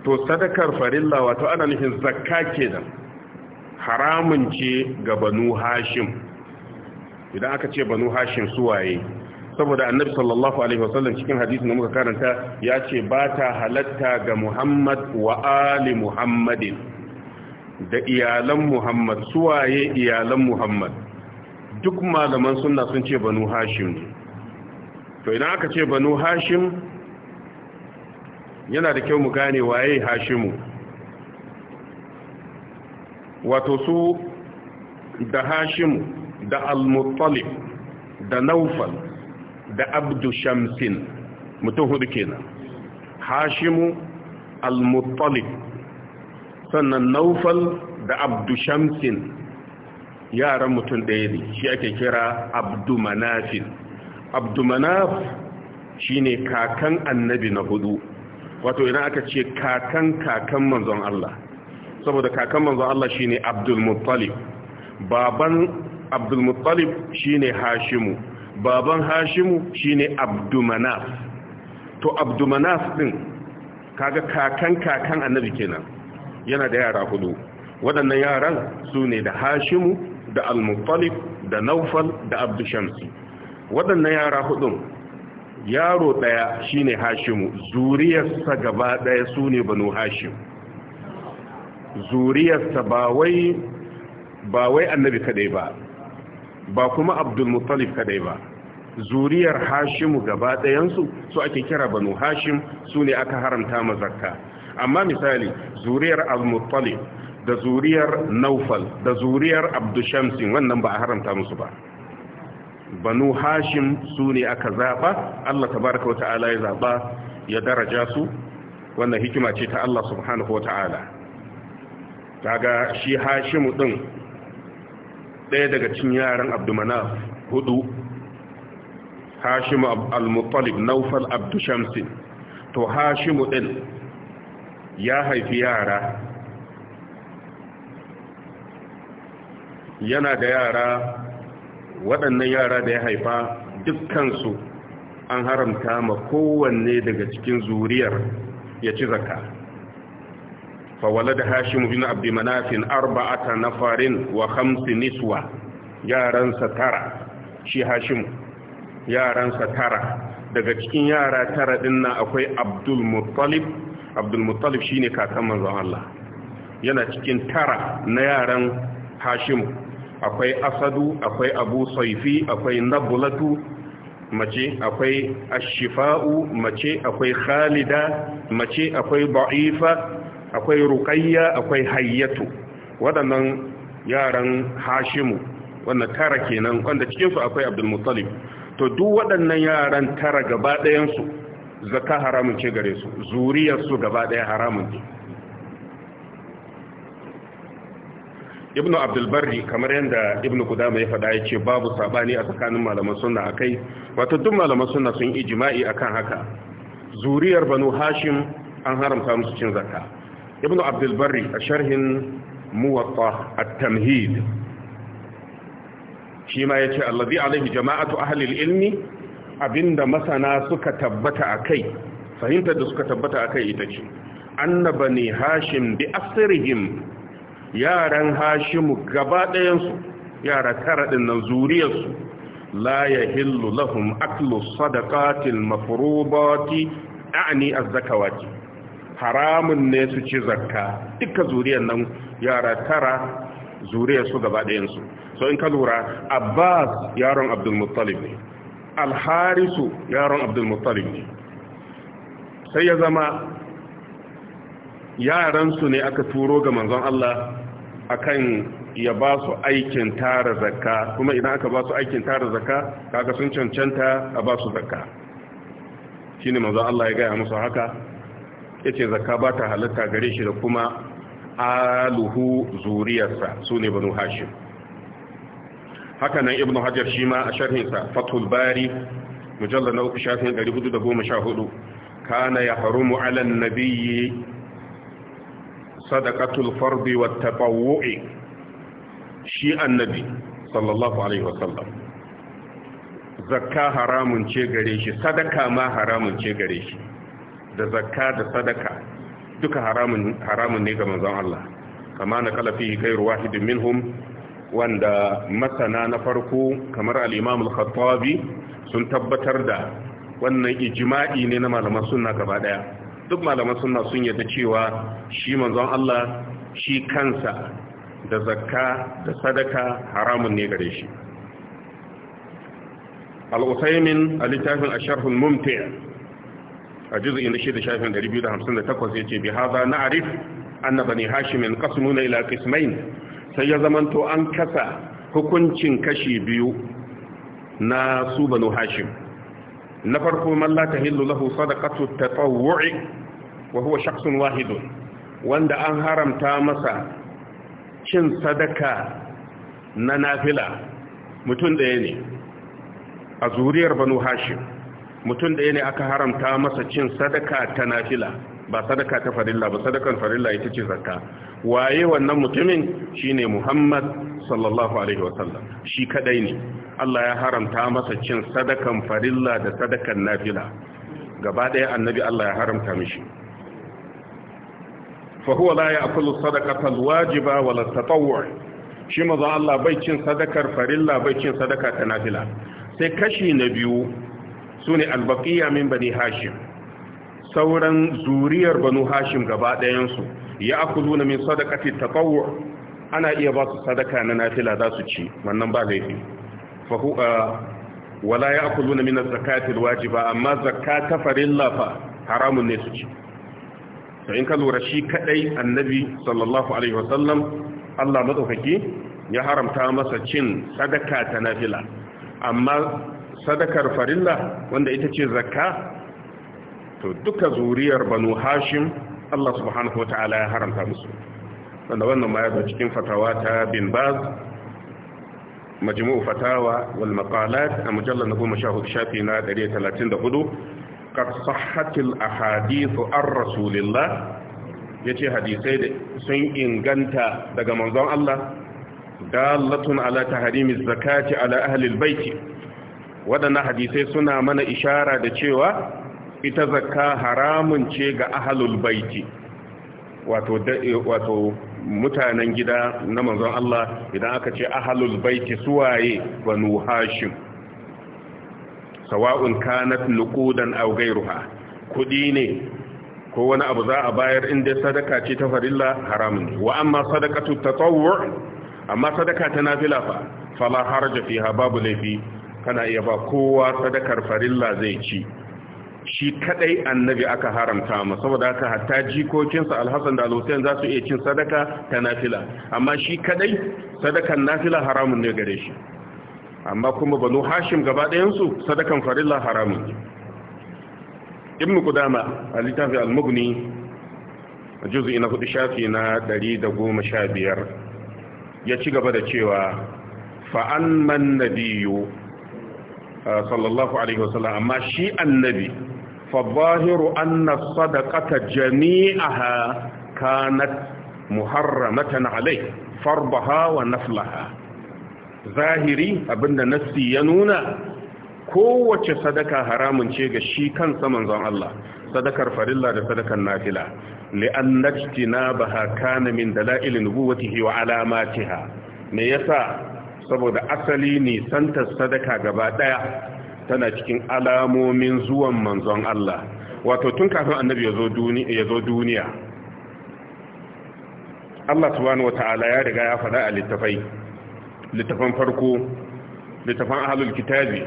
to sadakar farilla wato ana nufin zakka kenan haramun ce ga banu hashim idan aka ce banu hashim suwaye saboda annabi sallallahu alaihi wasallam cikin hadisi da muka karanta ya ce ba ta halatta ga muhammad wa ali muhammadin da iyalan muhammad suwaye iyalan muhammad duk malaman sunna sun ce banu hashim to idan aka ce banu hashim yana da kyau mu gane waye hashimu wato su da Hashim. da al-muttalib da naufal da abdu shamsin mutum hudu kenan hashimu al-muttalib sannan naufal da abdu shamsin yaran mutum ɗaya ne shi ake kira abdu manafin abdu manaf shi ne kakan annabi na hudu wato idan aka ce kakan kakan manzon Allah saboda kakan manzon Allah shi ne abdul muttalib baban abdulmuttalib shine hashimu baban hashimu shine abdumanaf to abdumanaf ɗin kaga kakan kakan annabi kenan yana da yara hudu waɗannan yaran su ne da hashimu da almuttalib da naufal da abdushamsi waɗannan yara hudun yaro ɗaya shine hashimu zuriyarsa gaba ɗaya su ne banu hashimu zuriyarsa ba wai ba wai annabi kaɗai ba ba kuma abdul muttalib kadai ba zuriyar hashimu gaba ɗayansu su ake kira banu hashim su ne aka haramta ma amma misali zuriyar al-muttalib da zuriyar naufal da zuriyar abdushamsin wannan ba a haramta musu ba banu hashim su ne aka zaɓa allah tabaraka wa ta'ala ya zaɓa ya daraja su wannan hikima ce ta allah subhanahu wa ta'ala kaga shi hashimu ɗin ɗaya daga cin yaran abdumanaf hudu Hashimu al-muttalib naufal abdu to hashimu ɗin ya haifi yara yana da yara waɗannan yara da ya haifa dukkansu an haramta ma kowanne daga cikin zuriyar ya ci zaka فولد هاشم بن عبد مناف أربعة نفر وخمس نسوة يارن سترى شي هاشم yaransa سترى daga cikin yara tara din nan akwai Abdul Muttalib Abdul Muttalib shine kakan manzon Allah yana cikin tara na yaran Hashim akwai Asadu akwai Abu Saifi akwai Nabulatu mace akwai Ashifa'u mace akwai Khalida mace akwai Ba'ifa akwai ruƙayya akwai hayyatu waɗannan yaran hashimu wanda tara kenan wanda cikinsu akwai abdul muttalib to duk waɗannan yaran tara gaba ɗayan su zakka haramun ce gare su zuriyar su gaba ɗaya haramun ce ibnu abdulbarri kamar yadda ibnu kudama ya faɗa ya ce babu saɓani a tsakanin malaman suna a wato duk malaman suna sun ijima'i akan haka zuriyar banu hashim an haramta musu cin zaka. ibn abdulbari a sharhin muwatta a tamhid shi ma ya ce allazi alaihi jama'atu ahlil ilmi abinda masana suka tabbata a kai fahimtar da suka tabbata a kai ita ce annaba ne hashim bi asirihim yaran hashimu gaba ɗayansu yara tara ɗin nan zuriyarsu la ya hillu lahum aklu sadaqatil mafrubati a'ni az-zakawati haramun ne su ci zakka duka zuriyar nan yara tara zuriyar su gaba su so in ka lura abbas yaron abdulmuttalib ne alharisu yaron abdulmuttalib ne sai ya zama yaransu ne aka turo ga manzon Allah akan ya ba su aikin tara zakka kuma idan aka ba su aikin tara zakka kaga sun cancanta a ba su zakka shine manzon Allah ya gaya musu haka yace zaka ba ta halatta gare shi da kuma aluhu zuriyarsa sune banu hashim haka nan ibnu hajar shi ma a sharhinsa fathul bari mujallal na uku shafin 414 kana ya ala an-nabiyyi sadaqatul fardi wat tatawwu'i shi annabi sallallahu alaihi wasallam zakka haramun ce gare shi sadaka ma haramun ce gare shi da zakka da sadaka duka haramun haramun ne ga manzon Allah kama na kala fihi ghairu wahidin minhum wanda masana na farko kamar al-Imam al-Khattabi sun tabbatar da wannan ijma'i ne na malaman sunna gaba daya duk malaman sunna sun yarda cewa shi manzon Allah shi kansa da zakka da sadaka haramun ne gare shi al-Usaymin a littafin Asharhul Mumti' a juz'i na da shafin 258 yace bi hadha na'rif anna bani hashim qasmuna ila qismain sai ya zamanto an kasa hukuncin kashi biyu na su banu hashim na farko man la tahillu lahu sadaqatu tatawwu'i wa huwa shakhsun wahidun wanda an haramta masa cin sadaka na nafila mutum ɗaya ne a zuriyar banu hashim mutum da ne aka haramta masa cin sadaka ta nafila ba sadaka ta farilla ba sadakan farilla ita ce zakka waye wannan mutumin shine Muhammad sallallahu alaihi wasallam shi kadai ne Allah ya haramta masa cin sadakan farilla da sadakan nafila gaba ɗaya annabi Allah ya haramta mishi fa huwa la ya'kulu sadaqata alwajiba wala tatawwu shi maza Allah bai cin sadakar farilla bai cin sadaka ta nafila sai kashi na biyu su ne albaqiya min bani hashim sauran zuriyar banu hashim gaba ɗayansu ya akuzuna min ta taqawwu ana iya ba su sadaka na nafila za su ci wannan ba laifi fa huwa ah, wala ya'kuluna min az wajiba amma zakata farin lafa haramun ne su ci to in ka lura shi kaɗai annabi sallallahu alaihi wasallam Allah madaukaki ya haramta masa cin sadaka ta nafila amma sadakar farilla wanda ita ce zakka to duka zuriyar banu hashim Allah subhanahu wa ta'ala ya haramta musu wanda wannan ma ya zo cikin fatawa ta bin baz majmu'u fatawa wal maqalat a mujallal na goma sha shafi na ɗari talatin da hudu kad sahhatil ahadithu ar rasulillah yace hadisai sun inganta daga manzon Allah dalatun ala tahrimiz zakati ala ahli al-baiti waɗannan hadisai suna mana ishara da cewa ita zakka haramun ce ga ahalul baiti wato wato mutanen gida na manzon Allah idan aka ce ahalul baiti suwaye banu hashim sawa'un kanat nuqudan aw ghayruha kudi ne ko wani abu za a bayar inda sadaka ce ta farilla haramun ne wa amma sadaqatu tatawwu amma sadaka ta nafila fa fala harja fiha babu laifi kana iya ba kowa sadakar farilla zai ci shi kadai annabi aka haramta ma saboda haka hatta jikokinsa alhassan da alhussein za su iya cin sadaka ta nafila amma shi kadai sadakan nafila haramun ne gare shi amma kuma banu hashim gaba ɗayansu sadakan farilla haramun ne ibn qudama a littafi al-mughni juz'i na hudu shafi na biyar. ya ci gaba da cewa fa amman nabiyyu sallallahu alaihi wasallam amma shi annabi fadhahiru anna sadaqata jami'aha kanat muharramatan alai farbaha wa naflaha zahiri abinda nassi ya nuna kowace sadaka haramun ce ga shi saman manzon Allah sadakar farilla da sadakar nafila li'anna ijtinabaha kana min dalail nubuwwatihi wa alamatiha me yasa saboda asali ne santa sadaka gaba daya tana cikin alamomin zuwan manzon Allah wato tun kafin annabi ya zo duniya Allah subhanahu wata'ala ya riga ya faɗa a littafai littafan farko littafan ahlul kitabi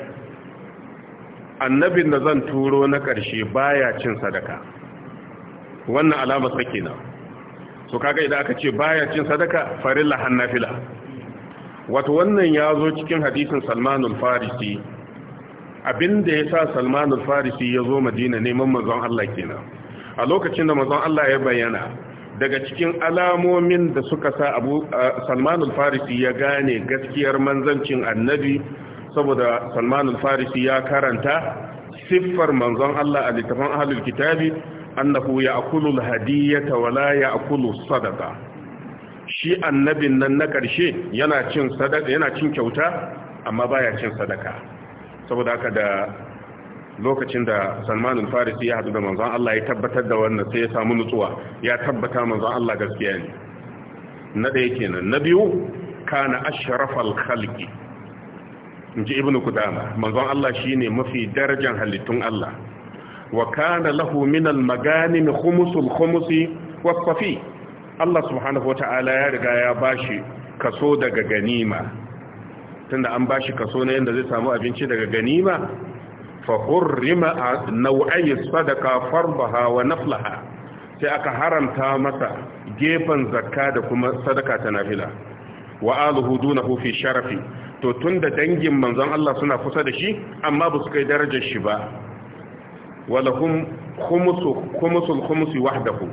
annabin da zan turo na ƙarshe baya cin sadaka wannan alama sake na so kaga idan aka ce baya cin sadaka farilla hannafila wato wannan ya zo cikin hadisin salmanul farisi abinda ya sa salmanul farisi ya zo madina neman manzon Allah kenan a lokacin da manzon Allah ya bayyana daga cikin alamomin da suka sa abu salmanul farisi ya gane gaskiyar manzancin annabi saboda salmanul farisi ya karanta siffar manzon Allah a littafin ahlul kitabi annahu ya'kulu al-hadiyata wa la ya'kulu sadaqa shi annabin nan na ƙarshe yana cin sadaka yana cin kyauta amma baya cin sadaka saboda haka da lokacin da Salman al-Farisi ya hadu da manzon Allah ya tabbatar da wannan sai ya samu nutsuwa ya tabbata manzon Allah gaskiya ne na ɗaya kenan na biyu kana ashrafal khalqi inji ibnu qudama manzon Allah shine mafi darajar halittun Allah wa kana lahu min al-maganim khumusul khumusi Allah subhanahu wata'ala ya riga ya bashi kaso daga ganima tunda an bashi kaso na yanda zai samu abinci daga ganima fa hurrima naw'ai sadaqa fardaha wa naflaha sai aka haramta masa gefen zakka da kuma sadaka ta nafila wa aluhu dunahu fi sharafi to tunda dangin manzon Allah suna kusa da shi amma ba su kai darajar shi ba walahum khumusu khumusul khumusi wahdahu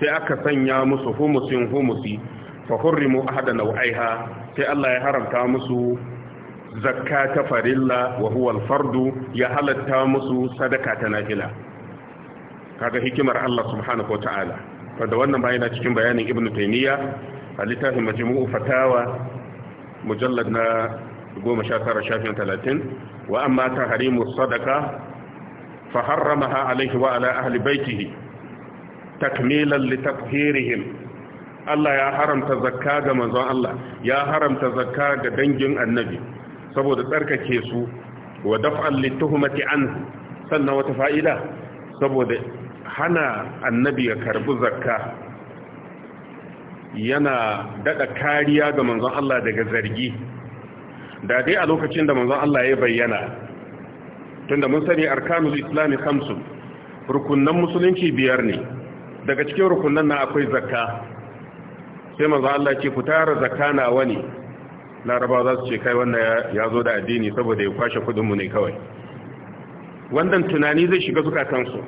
sai aka sanya musu humusin humusi fa hurrimu ahada nau'aiha sai Allah ya haramta musu zakka ta farilla wa huwa fardu ya halatta musu sadaka ta nafila kaga hikimar Allah subhanahu wataala wanda wannan ba cikin bayanin Ibn Taymiyyah a littafin Majmu'u Fatawa mujallad na 19 shafin 30 wa amma tahrimu sadaka fa harramaha alaihi wa ala ahli baitihi takmilan li Allah ya haramta zakka ga manzon Allah ya haramta zakka ga dangin annabi saboda tsarkake su wa daf'an li tuhmati sannan wata fa'ida saboda hana annabi ya karbi zakka yana dada kariya ga manzon Allah daga zargi da dai a lokacin da manzon Allah ya bayyana tunda mun sani arkanul islami khamsu rukunan musulunci biyar ne daga cikin rukunan na akwai zakka sai manzo Allah ce ku tara zakka na wani laraba za su ce kai wannan ya zo da addini saboda ya kwashe kudin ne kawai wannan tunani zai shiga zukatansu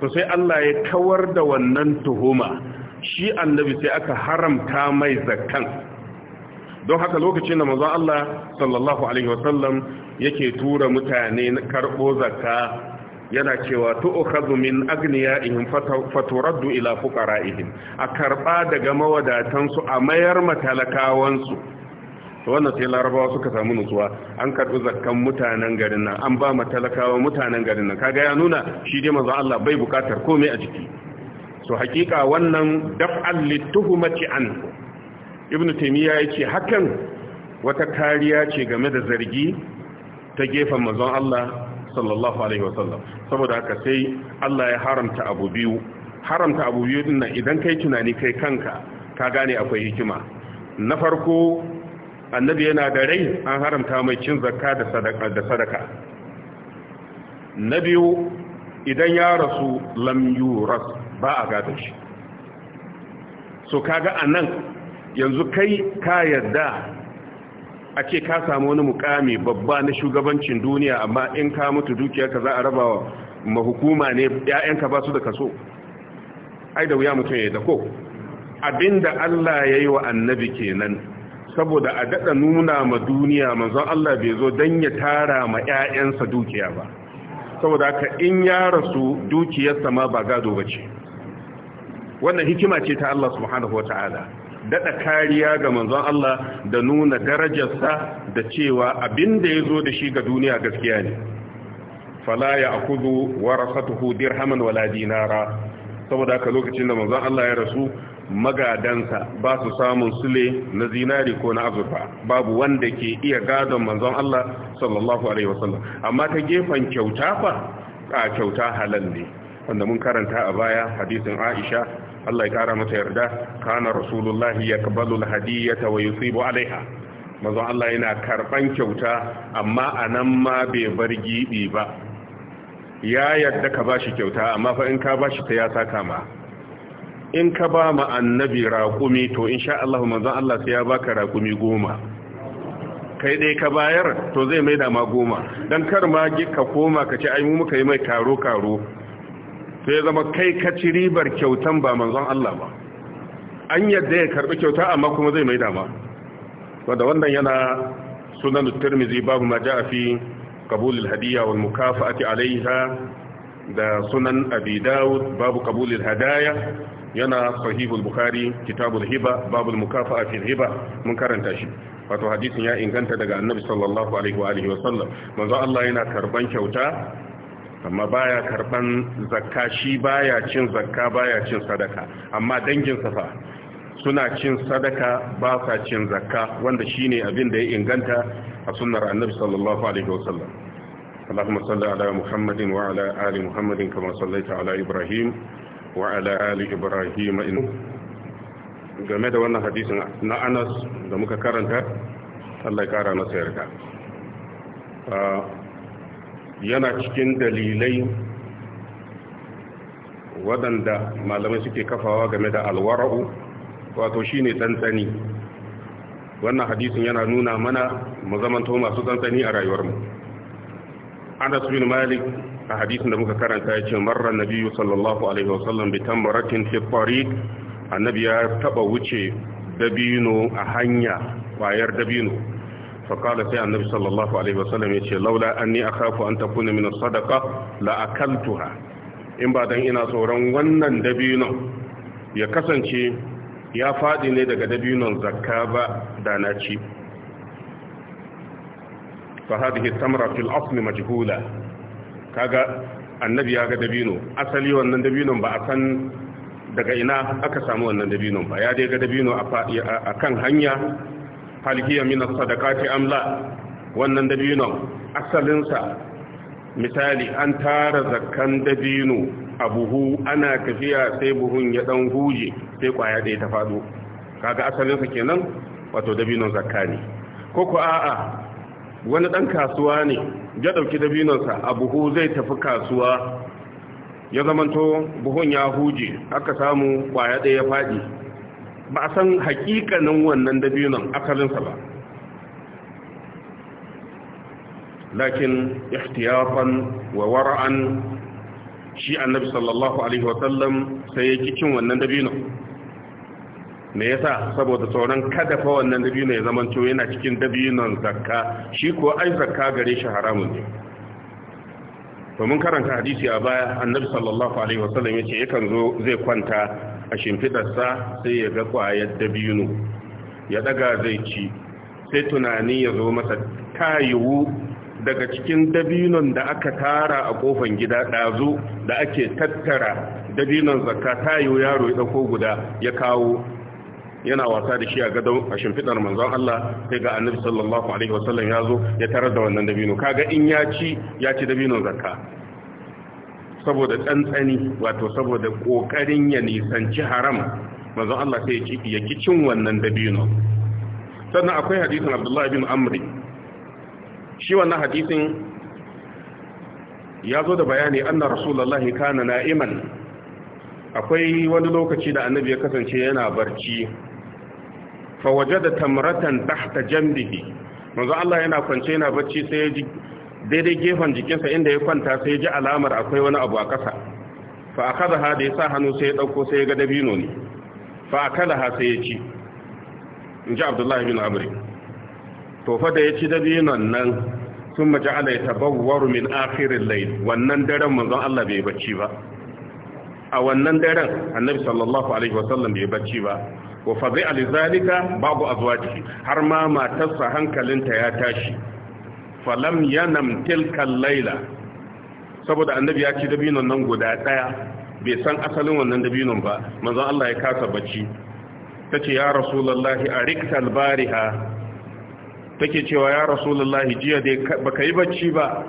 to sai Allah ya kawar da wannan tuhuma shi annabi sai aka haramta mai zakkan don haka lokacin da manzo Allah sallallahu alaihi wasallam yake tura mutane na zakka yana cewa tu'khadhu min agniyaihim faturaddu ila fuqara'ihim a karba daga mawadatan su a mayar matalakawan su wannan sai larabawa suka samu nutsuwa an karbi zakkan mutanen garin nan an ba matalakawa mutanen garin nan kaga ya nuna shi dai manzo Allah bai bukatar komai a jiki so hakika wannan daf'al lituhumati an ibnu taymiya yake hakan wata kariya ce game da zargi ta gefen manzon Allah sallallahu alaihi wasallam saboda haka sai Allah ya haramta abu biyu haramta abu biyu din nan idan kai tunani kai kanka ka gane akwai hikima na farko annabi yana da rai an haramta mai cin zakka da sadaka da sadaka na biyu idan ya rasu lam yuras ba a gata shi so kaga anan yanzu kai ka yarda a ce ka samu wani mukami babba na shugabancin duniya amma in ka mutu dukiyarka za a raba wa mahukuma ne ‘ya'yanka ba su da kaso ai da wuya mutum ya dako abinda Allah ya yi wa annabi kenan saboda a daɗa nuna ma duniya manzon Allah bai zo don ya tara ma ‘ya'yansa dukiya ba saboda haka in ya rasu dukiyarsa ma ba gado ba ce wannan hikima ce ta Allah subhanahu wa ta'ala daɗa kariya ga manzon Allah da nuna darajarsa da cewa abin da ya zo da shi ga duniya gaskiya ne fala ya akudu warasatuhu dirhaman wala dinara saboda haka lokacin da manzon Allah ya rasu magadansa ba su samun sule na zinari ko na azurfa babu wanda ke iya gadon manzon Allah sallallahu alaihi wasallam amma ta gefen kyauta fa a kyauta halal ne wanda mun karanta a baya hadisin Aisha Allah ya kara mata yarda kana rasulullahi ya alhadiyata wa yusibu alaiha mazo Allah yana karban kyauta amma anan ma bai bar gibi ba ya yarda ka bashi kyauta amma fa in ka bashi ta ya saka ma in ka ba ma annabi raƙumi to insha Allah manzon Allah sai ya baka raƙumi goma kai dai ka bayar to zai maida ma goma Dan kar ma ka koma ka ce ai mu muka yi mai karo karo to ya zama kai ka ci ribar kyautan ba manzon Allah ba an yadda ya karbi kyauta amma kuma zai mai dama Wadda wannan yana sunan Turmizi babu ma ja'a fi qabulil hadiyya wal mukafa'ati alaiha da sunan abi dawud babu qabulil hadaya yana sahihul bukhari kitabul hiba babu mukafa'a hiba mun karanta shi wato hadisin ya inganta daga annabi sallallahu alaihi wa alihi wa sallam manzo Allah yana karban kyauta amma baya karban zakka shi baya cin zakka baya cin sadaka amma danginsa fa suna cin sadaka ba sa cin zakka wanda shine abin da ya inganta a sunnar annabi sallallahu alaihi wasallam اللهم صل على محمد وعلى آل محمد كما صليت على إبراهيم وعلى آل إبراهيم إنه game da wannan hadisin na Anas da muka karanta Allah ya kara masa yarda ah, yana cikin dalilai waɗanda malamai suke kafawa game da alwara'u wato shi ne tsantsani wannan hadisin yana nuna mana mu masu tsantsani a rayuwarmu Anas bin Malik a hadisin da muka karanta ya yace marra Nabiyu, sallallahu alaihi wasallam bi tamratin fi annabi ya taba wuce dabino a hanya bayar dabino faƙala sai annabi sallallahu alaihi wasallam ya ce laula anni akhafu an takuna min sadaka la'akaltuha in ba dan ina tsoron wannan dabino ya kasance ya faɗi ne daga dabinon zakka ba da na ci fa hadhihi tamra fil asl majhula kaga annabi ya ga dabino asali wannan dabinon ba a san daga ina aka samu wannan dabino ba ya dai ga dabino a kan hanya hal hiya min as-sadaqati am la wannan dabino asalin sa misali an tara zakkan dabino a ana kafiya sai buhun ya dan huje sai kwaya ɗaya ta fado kaga asalin sa kenan wato dabinon zakkani ko ko a'a wani dan kasuwa ne ya dauki dabinon sa a buhu zai tafi kasuwa ya zamanto buhun ya huje aka samu kwaya ɗaya ya fadi ba a san hakikanin wannan dabinon akalinsa ba lakin ihtiyafan wa wara'an shi annabi sallallahu alaihi wasallam sai ya cin wannan dabinon me yasa saboda tsoron kada fa wannan dabino ya zama to yana cikin dabinon zakka shi ko ai zakka gare shi haramun ne to mun karanta hadisi a baya annabi sallallahu alaihi wasallam yace yakan zo zai kwanta a shimfidarsa sai ya ga kwayar dabino ya daga zai ci sai tunani ya zo masa tayiwu daga cikin dabinon da aka tara a kofan gida ɗazu da ake tattara dabinon zakka tayiwu yaro ya ɗauko guda ya kawo yana wasa da shi a gadon a shimfidar manzon Allah sai ga annabi sallallahu alaihi wasallam ya zo ya tarar da wannan dabino kaga in ya ci ya ci dabinon zakka saboda tsantsani wato saboda ƙoƙarin ya nisanci haram manzo Allah sai ya ki cin wannan dabino sannan akwai hadisin Abdullahi bin Amri. shi wannan hadisin ya zo da bayani anna rasulullahi kana na'iman akwai wani lokaci da annabi ya kasance yana barci fa da tamratan tahta jambihi manzo Allah yana kwance yana barci sai ya ji daidai gefen jikinsa inda ya kwanta sai ji alamar akwai wani abu a ƙasa fa akadaha da ya sa hannu sai ya ɗauko sai ya ga dabino ne fa akadaha sai ya ci in ji abdullahi bin amri to fa da ya ci dabinon nan sun maji ala ya tabawwaru min akhirin lail wannan daren manzon Allah bai bacci ba a wannan daren annabi sallallahu alaihi wasallam bai bacci ba wa fa bi alizalika babu azwaji har ma matarsa hankalinta ya tashi falam yanam tilkan laila saboda annabi ya ci dabinon nan guda daya bai san asalin wannan dabinon ba manzon Allah ya kasa bacci tace ya rasulullahi ariktal bariha take cewa ya rasulullahi jiya dai baka yi bacci ba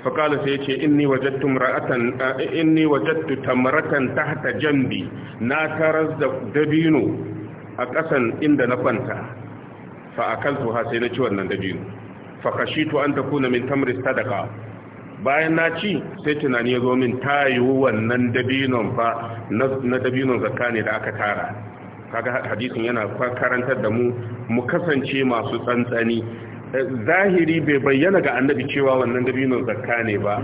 faƙala sai ce inni wajattu ra'atan eh, inni wajattu tamratan tahta jambi na taras da dabino a ƙasan inda na kwanta fa akaltu ha sai na ci wannan dabino fa kashitu an takuna min tamri sadaka. bayan na ci sai tunani ya zo min tayu wannan dabinon fa na dabinon zakka da aka tara kaga hadisin yana karantar da mu mu kasance masu tsantsani eh, zahiri bai bayyana ga annabi cewa wannan dabinon zakka ba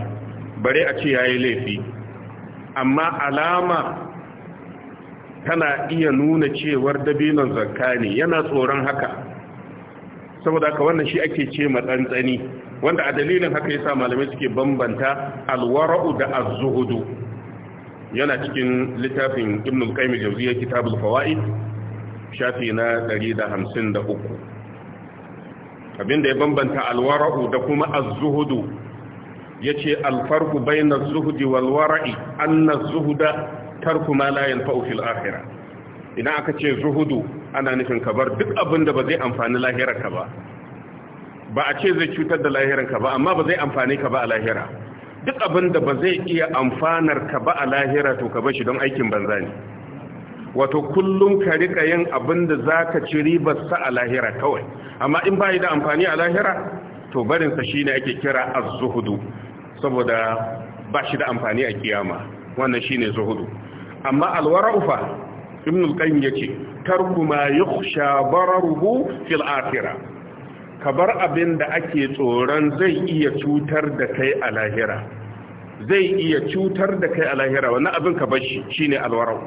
bare a ce yayi laifi amma alama tana iya nuna cewar dabinon zakka yana tsoron haka saboda haka wannan shi ake ce matsantsani wanda a dalilin haka yasa malamai suke bambanta alwara'u da az-zuhudu yana cikin littafin Ibn al-Qayyim al-Jawziyya Kitab al-Fawaid shafi na 153 abinda ya bambanta alwara'u da kuma az-zuhudu yace al-farqu bayna az-zuhdi wal wara'i anna az-zuhda tarku ma la yanfa'u fil akhirah idan aka ce zuhudu ana nufin ka bar duk abin da ba zai amfani lahirarka ba ba a ce zai cutar da lahirarka ba amma ba zai amfani ka ba a lahira duk abin da ba zai iya amfanar ka ba a lahira to ka bashi don aikin banza ne wato kullum ka rika yin abin da zaka ci ribar a lahira kawai amma in ba da amfani a lahira to barin sa shine ake kira az-zuhudu saboda ba shi da amfani a kiyama wannan shine zuhudu amma alwara'u fa ibn al-qayyim yace tarku ma yukhsha bararuhu fil akhirah kabar abin da ake tsoron zai iya cutar da kai a lahira zai iya cutar da kai a lahira wannan abin ka bar shi shine alwarau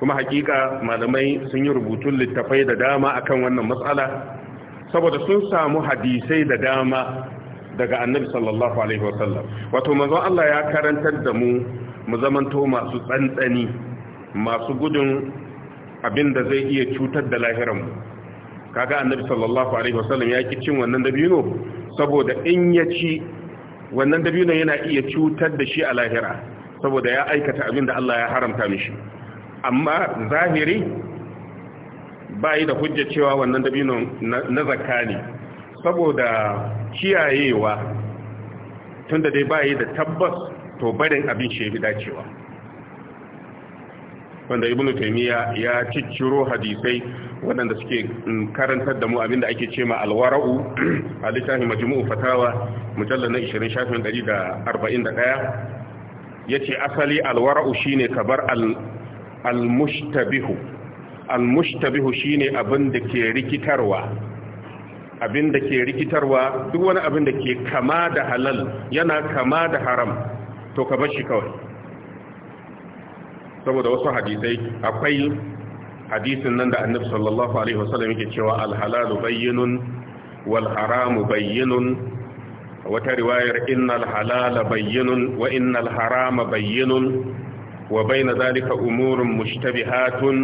kuma hakika malamai sun yi rubutun littafai da dama akan wannan matsala saboda sun samu hadisai da dama daga annabi sallallahu alaihi wasallam wato manzon Allah ya karantar da mu mu zamanto masu tsantsani masu gudun abinda zai iya cutar da lahiranmu kaga annabi sallallahu alaihi wasallam ya ki cin wannan dabino saboda in ya ci wannan dabino yana iya cutar da shi a lahira saboda ya aikata abinda Allah ya haramta mishi amma zahiri bai da hujja cewa wannan dabino na zakka saboda kiyayewa tunda dai bayi da tabbas to barin abin shi fi dacewa wanda ibn taymiya ya cicciro hadisai waɗanda suke mm, karantar da mu abin da ake cema alwara'u a littafin majmu'u fatawa mujallal na 20 shafin 141 yace asali alwara'u shine kabar al almushtabihu almushtabihu shine abin da ke rikitarwa abin da ke rikitarwa duk wani abin da ke kama da halal yana kama da haram to ka bashi kawai saboda wasu hadisai akwai hadisin nan da annabi sallallahu alaihi wasallam yake cewa alhalalu bayyinun wal haramu bayyinun wata riwayar innal halala bayyinun wa innal harama bayyinun wa bayna zalika umurun mushtabihatun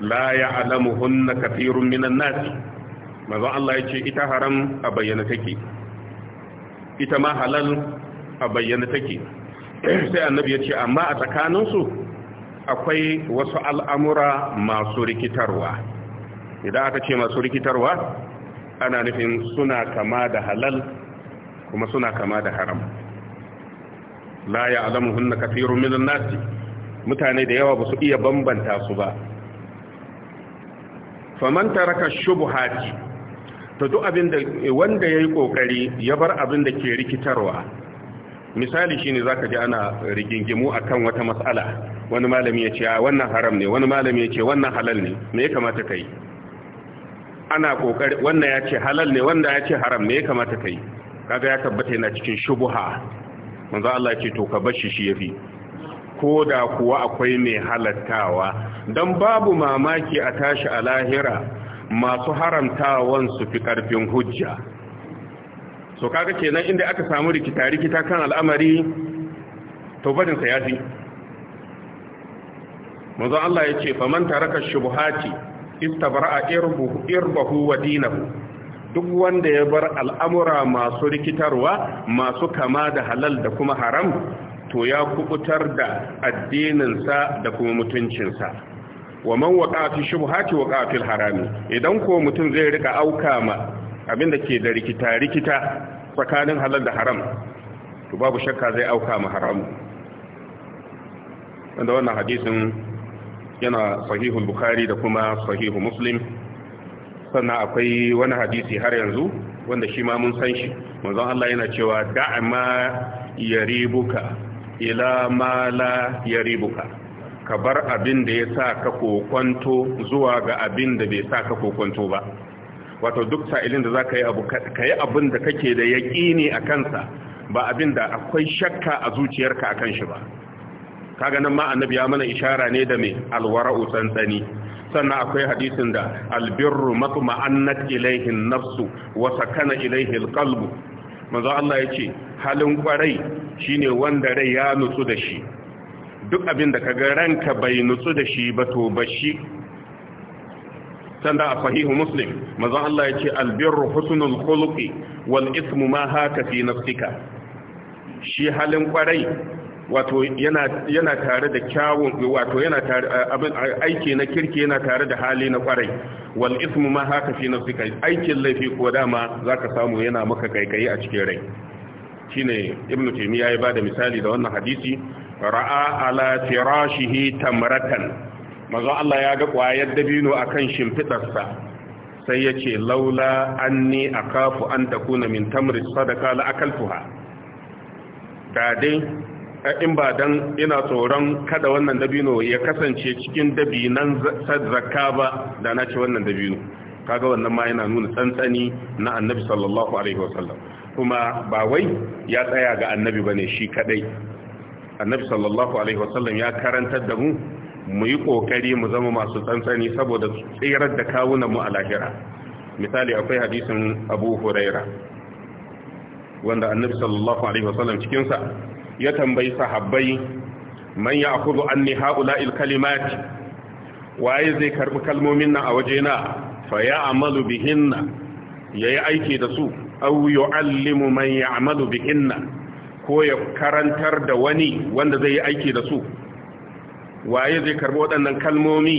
la ya'lamuhunna kathirun minan nas mazan Allah ya ce ita haram a bayyana take ita ma halal a bayyana take sai annabi ya ce amma a tsakaninsu akwai wasu al'amura masu rikitarwa idan aka ce masu rikitarwa ana nufin suna kama da halal kuma suna kama da haram la ya alamu hunna kafirun minan nasi mutane da yawa ba su iya bambanta su ba faman taraka shubuhati to duk abin da wanda yayi kokari ya bar abin da ke rikitarwa misali shine zaka ji ana rigingimu akan wata mas'ala wani malami ya ce wannan haram ne wani malami ya ce wannan halal ne me ya kamata kai ana kokari wannan ya ce halal ne wanda ya ce haram ne ya kamata kai kaga ya tabbata yana cikin shubuha manzo Allah ya ce to ka bar shi yafi ko da kuwa akwai mai halattawa don babu mamaki a tashi a lahira masu haramtawan su fi karfin hujja so kaga kenan inda aka samu rikita rikita kan al'amari to barin sa yafi manzo Allah ya yace faman taraka shubuhati istabra'a a irbahu wa dinahu duk wanda ya bar al'amura masu rikitarwa masu kama da halal da kuma haram to ya kubutar da addininsa da kuma mutuncinsa wa man waqa fi shubhati waqa fil harami idan ko mutum zai rika auka ma abin da ke da rikita rikita tsakanin halal da haram to babu shakka zai auka ma haram wanda wannan hadisin yana sahihul bukhari da kuma sahihu muslim sannan akwai wani hadisi har yanzu wanda shi ma mun san shi manzon Allah yana cewa da'ama yaribuka ila ma yaribuka ka bar abin da ya sa ka kokwanto zuwa ga abin da bai sa ka kokwanto ba wato duk sa'ilin da za ka yi abu ka yi abin da kake da ne a kansa ba abin da akwai shakka a zuciyarka a kan shi ba Ka ganin ma annabi ya mana ishara ne da mai alwara utsantsani sannan akwai hadisin da albirru matma'annat ilaihin nafsu wa kana ilaihin kalbu. manzo Allah ya ce halin kwarai shine wanda rai ya nutsu da shi duk abin da kaga ranka bai nutsu da shi ba to bashi sanda a sahihu muslim mazan Allah ya ce albirru husnul khuluqi wal ismu ma haka fi nafsika shi halin kwarai wato yana yana tare da kyawun wato yana tare abin aiki na kirki yana tare da hali na kwarai wal ismu ma haka fi nafsika aikin laifi ko dama zaka samu yana maka kaikayi a cikin rai shine ibnu taymiya ya bada misali da wannan hadisi ra'a ala firashihi tamratan Maza Allah ya ga kwayar dabino akan shimfidarsa sai yace laula anni akafu an takuna min tamri sadaka la akaltuha da dai in ba dan ina tsoron kada wannan dabino ya kasance cikin dabinan sadaka ba da na ci wannan dabino kaga wannan ma yana nuna tsantsani na annabi sallallahu alaihi wasallam kuma ba wai ya tsaya ga annabi bane shi kadai annabi sallallahu alaihi wasallam ya karantar da mu mu yi kokari mu zama masu tsantsani saboda tsirar da kawunan mu a lahira misali akwai hadisin abu huraira wanda annabi sallallahu alaihi wasallam cikin sa ya tambayi sahabbai man ya'khudhu anni ha'ula'il kalimati waye zai karbi kalmomin nan a wajena fa ya'malu bihinna yayi aiki da su aw yu'allimu man ya'malu bihinna ko ya karantar da wani wanda zai yi aiki da su waye zai karbi waɗannan kalmomi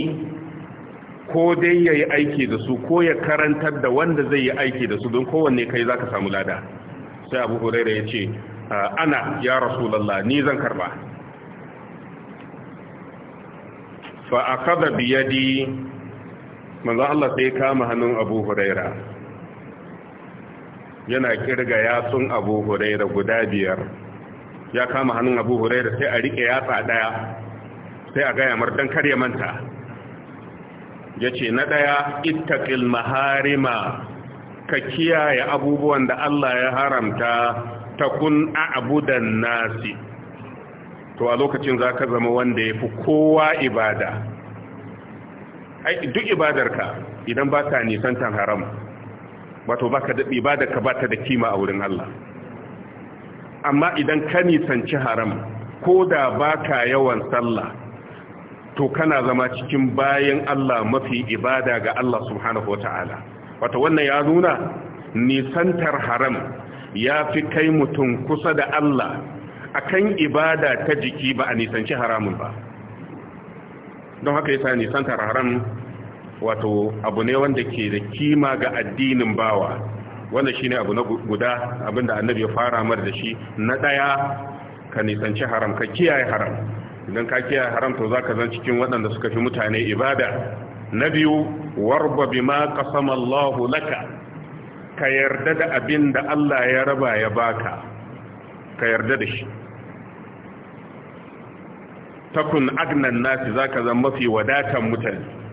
ko dai ya yi aiki da su ko ya karantar da wanda zai yi aiki da su don kowanne kai za ka samu lada sai abu huraira ya ce ana ya rasulallah ni zan karba fa a kada biyadi manzan Allah sai kama hannun abu huraira yana kirga yatsun abu huraira guda biyar ya kama hannun abu huraira sai a rike yatsa ɗaya, sai a gaya mar don karya manta ya ce na ɗaya ittaqil maharima ka kiyaye abubuwan da Allah ya haramta ta kun aabudan nasi to a lokacin za ka zama wanda ya fi kowa ibada ai duk ibadarka idan ba nisan nisan haram wato ba baka da ka ka ta da kima a wurin Allah amma idan ka nisanci haram ko da baka yawan sallah to kana zama cikin bayan Allah mafi ibada ga Allah subhanahu ta'ala wato wannan ya nuna nisantar haram ya fi kai mutum kusa da Allah a kan ibada ta jiki ba a nisanci haramun ba don haka yasa nisantar haram wato abu ne wanda ke da kima ga addinin bawa wanda shine abu na guda abinda annabi ya fara mar da shi na daya ka nisanci haram ka kiyaye haram idan ka kiyaye haram to zaka zan cikin waɗanda suka fi mutane ibada na biyu warba bima qasama Allahu laka ka yarda da abin Allah ya raba ya baka ka yarda da shi takun agnan nasi zaka zan mafi wadatan mutane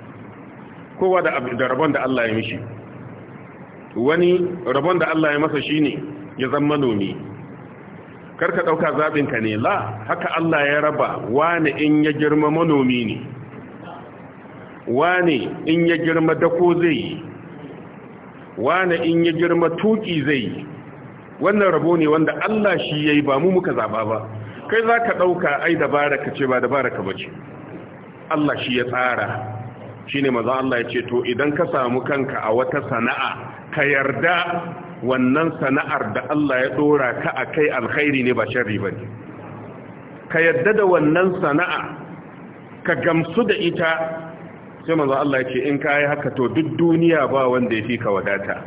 kowa da rabon da Allah ya mishi wani rabon da Allah ya masa ne ya zama manomi karka ɗauka zabin ka ne la haka Allah ya raba wani in ya girma manomi ne wani in ya girma dako zai yi wani in ya girma tuki zai yi wannan rabo ne wanda Allah shi yi ba mu muka zaba ba kai zaka ɗauka ai dabara ka ce ba dabara ka bace Allah shi ya tsara shine maza Allah ya ce to idan ka samu kanka a wata sana'a ka yarda wannan sana'ar da Allah ya dora ka a kai alkhairi ne ba sharri bane ka yarda da wannan sana'a ka gamsu da ita sai maza Allah ya ce in yi haka to duk duniya ba wanda ya fi ka wadata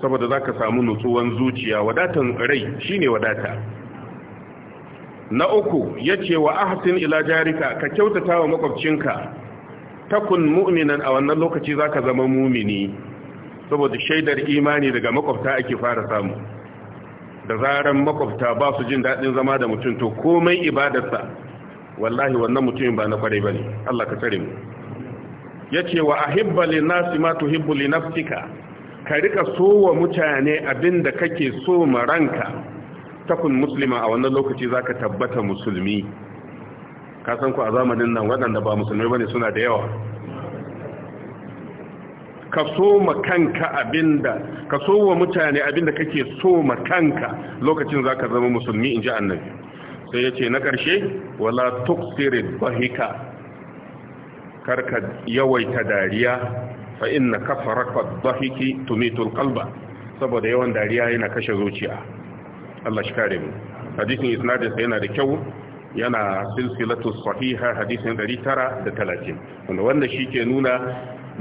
saboda zaka samu nutsuwan zuciya wadatan rai shine wadata na uku ya ce wa ahsin ila jarika ka kyautata wa makwabcinka takun mu'minan a wannan lokaci zaka zama mumini saboda shaidar imani daga makwabta ake fara samu da zaran makwabta ba su jin daɗin zama da mutum to komai ibadarsa wallahi wannan mutumin ba na kwarai ne, Allah ka tsare mu ce wa a lin nasi ma tuhibbu li ka rika so wa mutane abinda kake so ma ranka takun muslima a wannan lokaci zaka tabbata musulmi ka san ku a zamanin nan waɗanda ba musulmai bane suna da yawa ka so kanka abinda ka so wa mutane abinda kake so ma kanka lokacin zaka zama musulmi in ji annabi sai yace na ƙarshe wala tuksirid bahika karka yawaita dariya fa inna kafaraka dhahiki tumitul qalba saboda yawan dariya yana kashe zuciya Allah shi kare mu hadisin isnadin sai yana da kyau yana silsilatu sahiha hadisin 930 wanda wanda shi ke nuna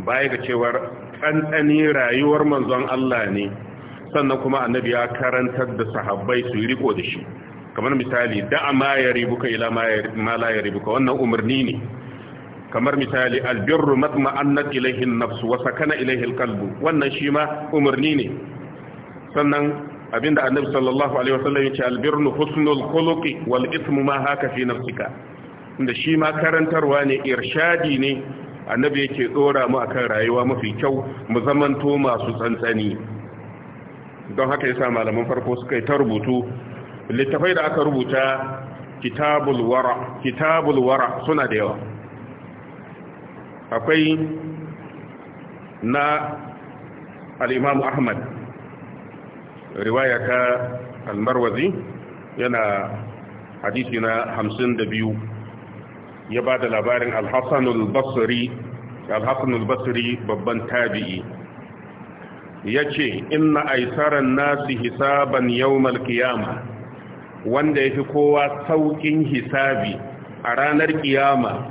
baya ga cewar ɗanɗani rayuwar manzon Allah ne sannan kuma annabi ya karantar da sahabbai su riko da shi kamar misali da'a ma ya ribuka ila ma la ya ribuka wannan umarni ne kamar misali albirru matma'annat ilayhi an nafsu, wa sakana ilayhi al wannan shi ma umarni ne sannan da annabi sallallahu alaihi wasallam ce albirnu husnul khuluqi wal ithmu ma haka fi nafsika inda shi ma karantarwa ne irshadi ne annabi yake dora mu akan rayuwa mafi kyau mu zamanto masu tsantsani don haka yasa malaman farko suka yi ta rubutu littafai da aka rubuta kitabul wara kitabul wara suna da yawa akwai na al-imam ahmad riwaya ta almarwazi yana hadisi na hamsin da biyu ya ba da labarin alhassanul basri babban tabi'i ya ce inna aisaran nasu hisaban yawmal kiyama wanda ya fi kowa saukin hisabi a ranar kiyama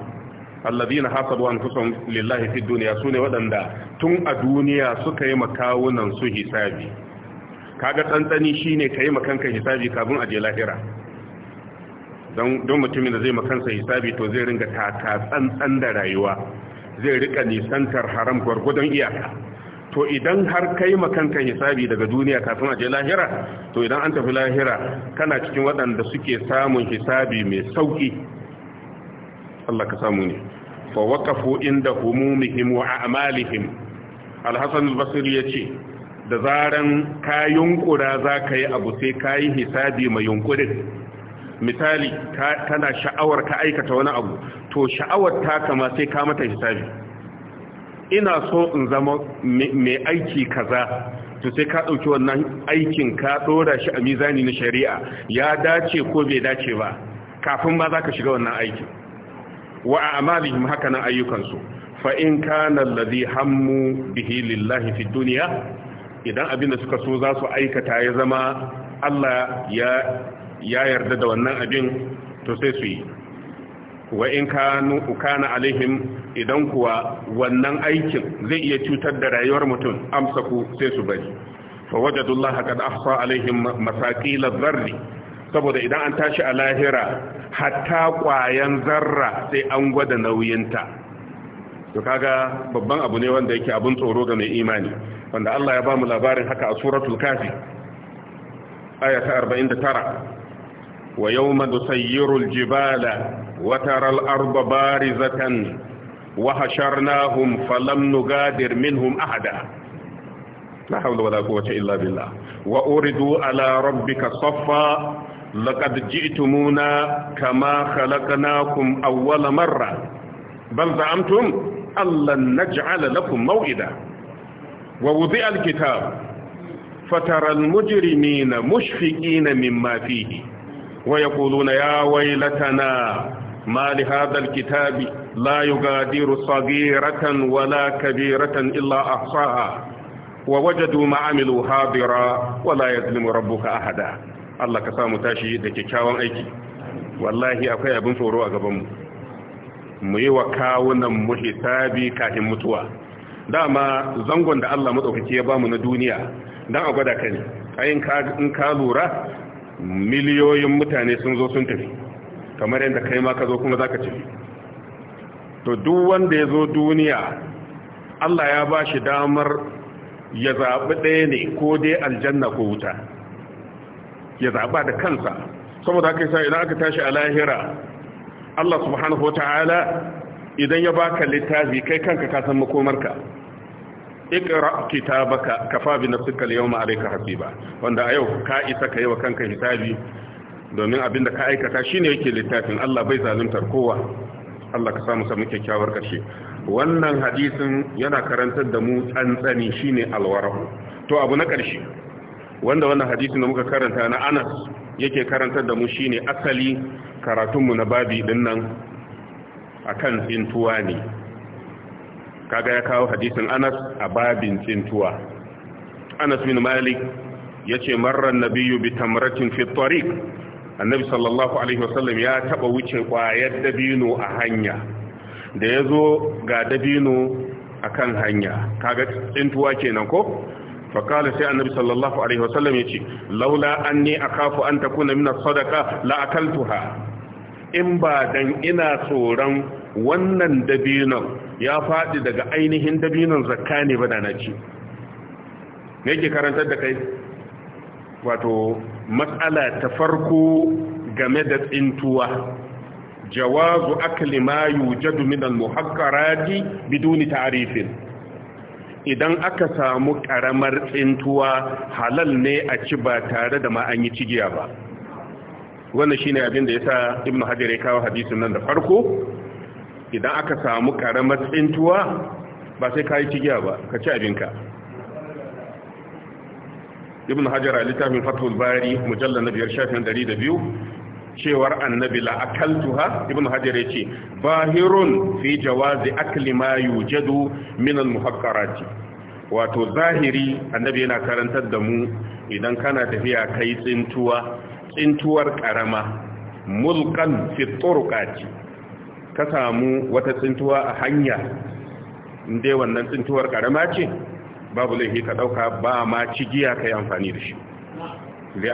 alladina hasabu kusan lillahi fid su sune waɗanda tun a duniya suka yi makawunan su hisabi kaga tsantsani shine kai makanka hisabi kafin a lahira don don mutumin da zai makansa hisabi to zai ringa taka tsantsan da rayuwa zai rika nisantar haram gwargwadon iyaka to idan har kai makanka hisabi daga duniya kafin a je lahira to idan an tafi lahira kana cikin waɗanda suke samun hisabi mai sauki Allah ka samu ne fa waqafu inda humumihim wa a'malihim al-hasan al-basri yace da zaran ka yunkura za ka yi abu sai ka yi hisabi mai yunkurin misali tana sha'awar ka aikata wani abu to sha'awar ta kama sai ka mata hisabi ina so in zama mai aiki kaza to sai ka ɗauki wannan aikin ka ɗora shi a mizani na shari'a ya dace ko bai dace ba kafin ma za ka shiga wannan aiki wa a amalihim haka nan ayyukansu fa in kana allazi hammu bihi lillahi fid duniya? idan abin da suka so za su aikata ya zama Allah ya yarda da wannan abin to sai su yi wa in kanu ukana alaihim idan kuwa wannan aikin zai iya cutar da rayuwar mutum amsa ku sai su bari fa wajadullaha kad ahsa alaihim masaqil adh saboda idan an tashi a lahira hatta kwayan zarra sai an gwada nauyinta to kaga babban abu ne wanda yake abun tsoro ga mai imani wanda Allah ya ba mu labarin haka a suratul kafi aya ta 49 wa yawma nusayyirul jibala wa taral arda barizatan wa hasharnahum falam nugadir minhum ahada la hawla wala quwwata illa billah wa uridu ala rabbika saffa laqad ji'tumuna kama khalaqnakum awwala marra bal za'amtum allan naj'ala lakum maw'ida wa wuzi alkitab fataral mujrimina mushfiqina mimma fihi wa yaquluna ya waylatana ما لهذا الكتاب لا يغادر صغيرة ولا كبيرة إلا أحصاها ووجدوا ما عملوا حاضرا ولا يظلم ربك أحدا الله كسام تاشي دكيكاوان أيكي والله أكوي أبن فورو أغبامو muyi wa kawunan mu hisabi kafin mutuwa dama zangon da Allah madaukaki ya bamu na duniya dan a gwada kai ayin ka in ka miliyoyin mutane sun zo sun tafi kamar yadda kai ma ka zo kuma zaka tafi to duk wanda ya zo duniya Allah ya ba shi damar ya zaɓi ɗaya ne ko dai aljanna ko wuta ya zaɓa da kansa saboda haka yasa idan aka tashi a lahira Allah subhanahu wa idan ya baka littafi kai kanka ka san makomarka ikra kitabaka kafa bi nafsika al-yawma alayka hasiba wanda a yau ka isa ka yi wa kanka hisabi domin abin da ka aikata shine yake littafin Allah bai zaluntar kowa Allah ka samu samu kyakkyawar karshe wannan hadisin yana karantar da mu tsantsani shine alwarahu to abu na karshe wanda wannan hadisin da muka karanta na Anas yake karantar da mu shine asali karatunmu na babi din nan akan tsintuwa ne kaga ya kawo hadisin Anas a babin tsintuwa Anas bin Malik yace marra nabiyyu bi tamratin fi tariq annabi sallallahu alaihi wasallam ya taba wuce kwayar dabino a hanya da yazo ga dabino akan hanya kaga tsintuwa kenan ko فقال سي النبي صلى laula عليه وسلم يجي لولا أني أخاف أن تكون من الصدقة ha. in ba dan ina tsoron wannan dabinon ya faɗi daga ainihin dabinon zakka ne ba da na ci me yake karantar da kai wato matsala ta farko game da tsintuwa jawazu akli ma yujadu min al-muhakkarati biduni ta'rifin idan aka samu ƙaramar tsintuwa halal ne a ci ba tare da ma an yi cigiya ba wannan shine abin da yasa ibnu hajar ya kawo hadisin nan da farko idan aka samu karamar tsintuwa ba sai kai cigiya ba ka ci abinka ibnu hajar a littafin fathul bari mujallal na biyar shafin 102 cewar annabi la akaltuha ibnu hajar ya ce bahirun fi jawazi akli ma yujadu min al muhaqqarati wato zahiri annabi yana karantar da mu idan kana tafiya kai tsintuwa tsintuwar ƙarama mulkan fi turqati ka samu wata tsintuwa a hanya inde wannan tsintuwar karama ce babu laifi ka dauka ba ma cigiya kai amfani da shi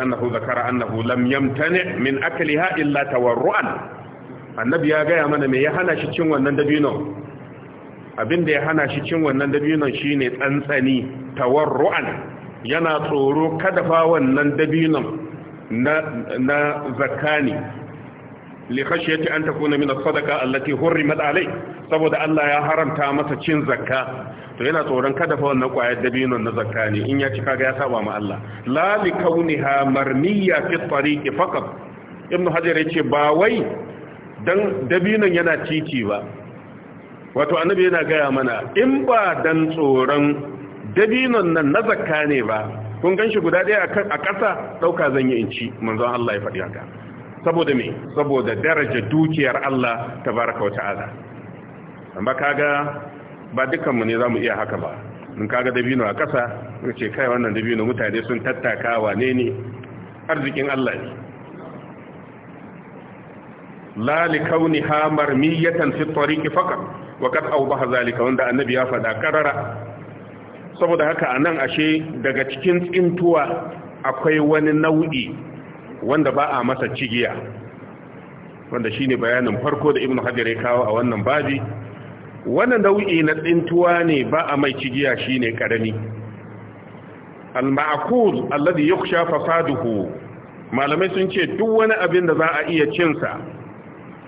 annahu zakara annahu lam yamtani min akliha illa tawarruan annabi ya gaya mana me ya hana shi cin wannan dabino abinda ya hana shi cin wannan dabinon shine tsantsani tawarruan yana tsoro kada fa wannan dabinon na na zakani li khashyati an tafi na as sadaka allati hurrimat matsalai. saboda Allah ya haramta masa cin zakka to yana tsoron kada fa wannan kwayar dabinon na zakka ne in ya ci kaga ya saba ma Allah la li kauniha marmiya fi tariqi faqat ibnu hajar yace ba wai dan dabinon yana titi ba wato annabi yana gaya mana in ba dan tsoron dabinon nan na zakka ne ba kun gan shi guda ɗaya a ƙasa ɗauka zan yi ci manzon Allah ya faɗi haka saboda me saboda daraja dukiyar Allah tabaraka wa ta'ala amma kaga ba dukkanmu ne zamu iya haka ba Mun kaga dabino a ƙasa ka ce kai wannan dabino mutane sun tattaka wane ne arzikin Allah ne la li kauni hamar miyatan fi tariqi faqat wa qad awbaha zalika wanda annabi ya faɗa karara saboda haka a nan ashe daga cikin tsintuwa akwai wani nau'i wanda ba a masa cigiya wanda shi ne bayanin farko da ibn hajjar ya kawo a wannan baji wannan nau'i na tsintuwa ne ba a mai cigiya shi ne ƙarami al-ma'akul alladhi yukhsha fasaduhu malamai sun ce duk wani abin da za a iya cinsa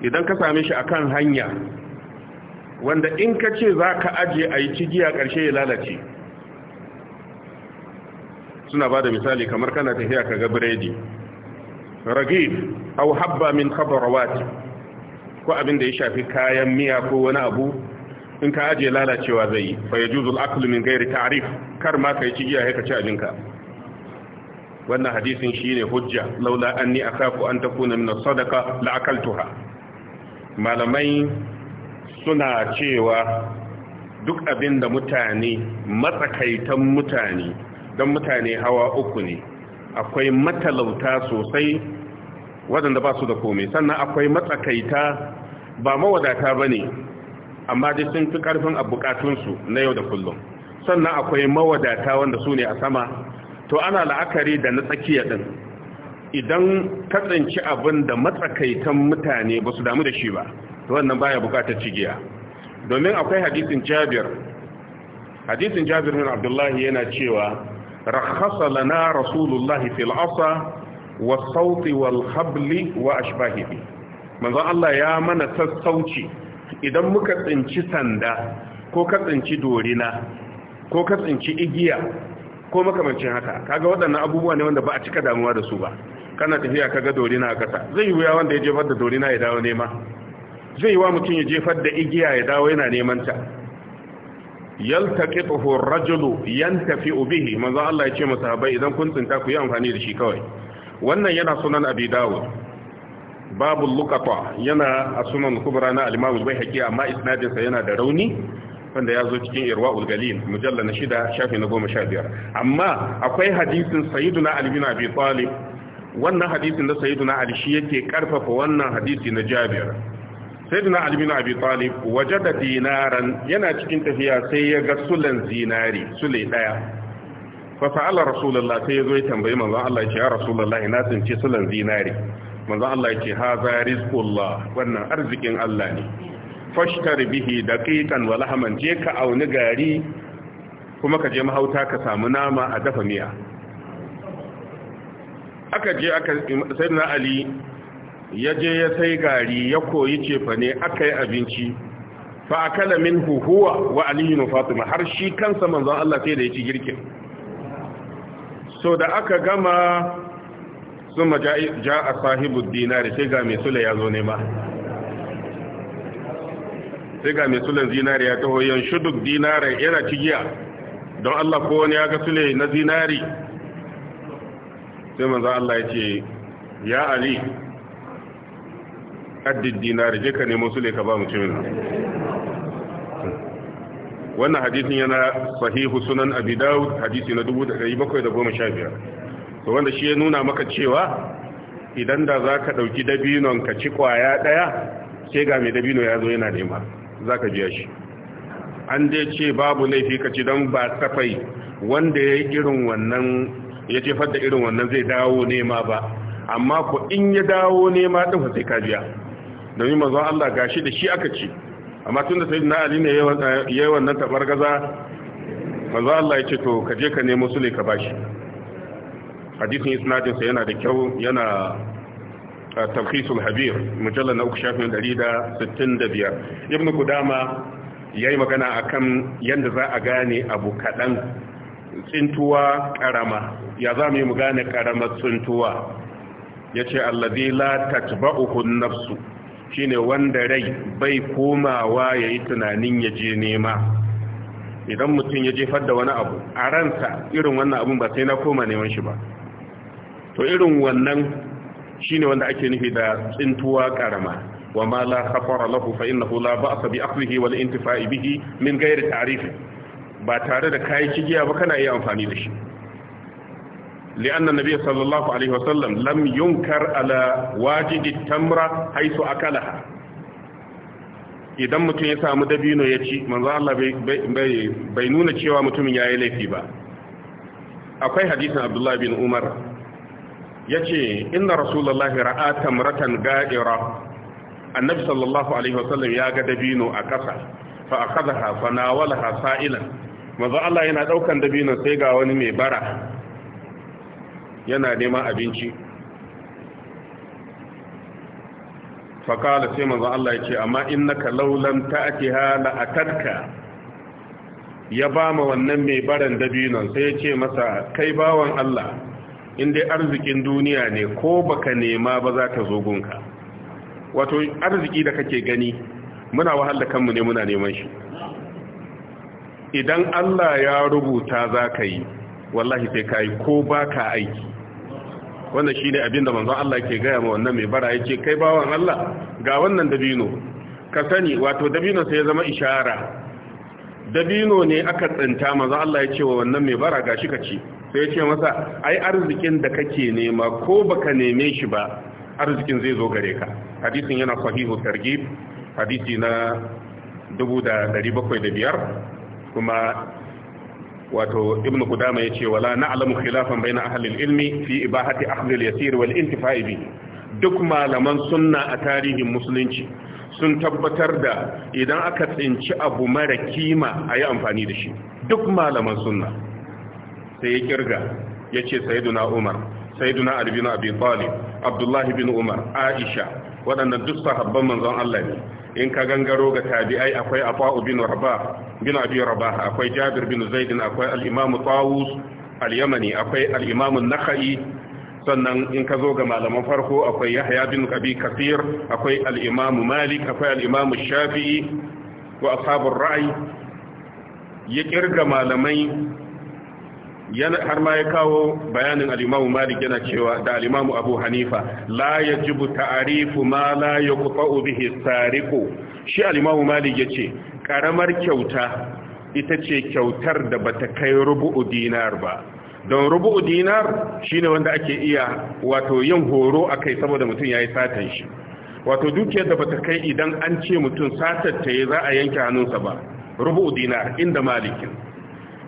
idan ka same shi akan hanya wanda in ka ce za ka aje a yi cigiya ƙarshe ya lalace suna ba da misali kamar kana tafiya ka ga biredi ragif au habba min khabarawati ko abin da ya shafi kayan miya ko wani abu in ka ajiye lalacewa zai yi fa yajuzu al-aklu min ghairi ta'rif kar ma kai cigiya haka ci abinka wannan hadisin shine hujja laula anni akhafu an takuna min as-sadaqa la akaltuha malamai suna cewa duk abin da mutane matsakaitan mutane don mutane hawa uku ne akwai matalauta sosai waɗanda ba su da komai sannan akwai matsakaita ba mawadata ba ne amma dai sun fi ƙarfin a buƙatunsu na yau da kullum sannan akwai mawadata wanda su ne a sama to ana la'akari da na tsakiya ɗin idan ka tsinci abin da matsakaitan mutane ba su damu da shi ba wannan baya buƙatar cigiya domin akwai hadisin jabir hadisin jabir abdullahi yana cewa rakhasa lana rasulullah fil asa wa sauti wal habli wa ashbahihi manzo Allah ya mana sassauci idan muka tsinci sanda ko ka tsinci dorina ko ka tsinci igiya ko makamancin haka kaga waɗannan abubuwa ne wanda ba a cika damuwa da su ba kana tafiya kaga dorina a ƙasa zai wuya wanda ya jefar da dorina ya dawo nema zai yi wa mutum ya jefar da igiya ya dawo yana neman ta yaltaqituhu ar-rajulu yantafi'u bihi manzo Allah ya ce masahabai idan kun tsinta ku yi amfani da shi kawai wannan yana sunan abi dawud babu luqata yana a sunan kubra na al-imam al-baihaqi amma isnadin sa yana da rauni wanda ya zo cikin irwaul galil mujalla na shida shafi na goma sha biyar amma akwai hadisin sayyiduna ali bin abi talib wannan hadisin da sayyiduna ali shi yake karfafa wannan hadisi na jabir sayyidina ali bin abi talib wajada dinaran yana cikin tafiya sai ya ga sulan zinari sule daya fa sa'ala rasulullah sai yazo ya tambayi manzon Allah ya ce ya rasulullah ina tsinci sulan zinari manzon Allah ya ce haza rizqullah wannan arzikin Allah ne fashtar bihi daqiqan wa lahman je ka auni gari kuma ka je mahauta ka samu nama a dafa miya aka je aka sayyidina ali ya je ya sai gari ya koyi cefa ne aka yi abinci fa kala min huhuwa wa aliyu fatima har shi kansa manzan Allah sai da ya ci girkin so da aka gama sun ja a sahibud dinari sai ga mai sula ya zo nema sai ga mai sulan zinari ya taho yan shuduk dinari yana cigiya don Allah ko wani ya ga sule na zinari sai manzan Allah ya ce ya ali addid dinar je ka nemo su ne ka ba mutumin wannan hadisin yana sahihu sunan abi dawud hadisi na 1715 to wanda shi ya nuna maka cewa idan da za ka ɗauki dabinon ka ci kwaya ɗaya sai ga mai dabino ya zo yana nema za ka biya shi an dai ce babu laifi ka ci don ba safai wanda ya irin wannan ya jefar da irin wannan zai dawo nema ba amma ku in ya dawo nema ɗin sai ka biya domin mazan Allah gashi da shi aka ci amma tun da na Ali ne yayi wannan tabar gaza mazan Allah ya ce to ka je ka nemo su ne ka bashi hadisin isnadin sa yana da kyau yana tafhisul habir mujalla na uku shafin 165 ibn kudama yayi magana akan yadda za a gane abu kaɗan tsintuwa karama ya za mu yi mu gane karamar tsintuwa ya ce allazi la tatba'uhu nafsu shine wanda rai bai komawa ya yi tunanin ya je nema idan mutum ya jefar da wani abu a ransa irin wannan abun ba sai na koma neman shi ba to irin wannan shine wanda ake nufi da tsintuwa karama wa ma la khafara lahu fa innahu la ba'sa bi akhlihi wal intifa'i bihi min ghairi ta'rif ba tare da kai kigiya ba kana iya amfani da shi لأن النبي صلى الله عليه وسلم لم ينكر على واجد التمرة حيث أكلها idan mutum ya samu dabino ya ci manzo Allah bai nuna cewa mutumin ya yi laifi ba akwai hadisin Abdullahi bin Umar Ya ce, inna rasulullahi ra'a tamratan ga'ira annabi sallallahu alaihi wasallam ya ga dabino a ƙasa fa akhadha fa nawalaha sa'ilan manzo Allah yana daukan dabino sai ga wani mai bara yana neman abinci faƙala sai manzon Allah ya ce amma innaka laulan hala la atatka ya ba ma wannan mai baran dabino, sai ya ce masa kai bawan Allah in dai arzikin duniya ne ko baka nema ba za ta zo gunka wato arziki da kake gani muna wahala kanmu ne muna neman shi idan Allah ya rubuta za ka yi wallahi sai ka yi ko ba ka aiki wannan shine abin da manzon Allah ke gaya ma wannan mai bara yake kai bawan Allah ga wannan dabino ka sani wato dabino sai ya zama ishara dabino ne aka tsinta manzon Allah ya ce wa wannan mai bara ga shi ka ci sai ya ce masa ai arzikin da kake nema ko baka neme shi ba arzikin zai zo gare ka hadisin yana sahihu targhib hadisi na 2705 kuma wato ibn qudama yace wala na'lamu khilafan baina ahli al-ilmi fi ibahati akhdh al-yasir wal intifa'i bi duk malaman sunna a tarihin musulunci sun tabbatar da idan aka tsinci abu mara kima ayi amfani da shi duk malaman sunna sai ya kirga yace sayyiduna umar sayyiduna ali bin abi talib abdullahi bin umar aisha waɗannan duk sahabban manzon Allah ne in ka gangaro ga tabi'ai akwai afa'u bin rabah bin abi akwai jabir bin zaid akwai al-imam tawus al-yamani akwai al-imam an-nakhai sannan in ka zo ga malaman farko akwai yahya bin abi kasir akwai al-imam malik akwai al-imam shafi'i wa ashabur ra'i ya kirga malamai har ma ya kawo bayanin alimamu malik yana cewa da alimamu abu hanifa la ya jibu ta'arifu ma la ya kufa bihi tsariko shi alimamu malik ya ce ƙaramar kyauta ita ce kyautar da bata kai rubu'u dinar ba don rubu'u dinar shine wanda ake iya wato yin horo kai saboda mutum yayi satan shi wato dukiyar da bata kai idan an ce mutum satar ta yi za a yanke hannunsa ba rubu'u dinar inda malikin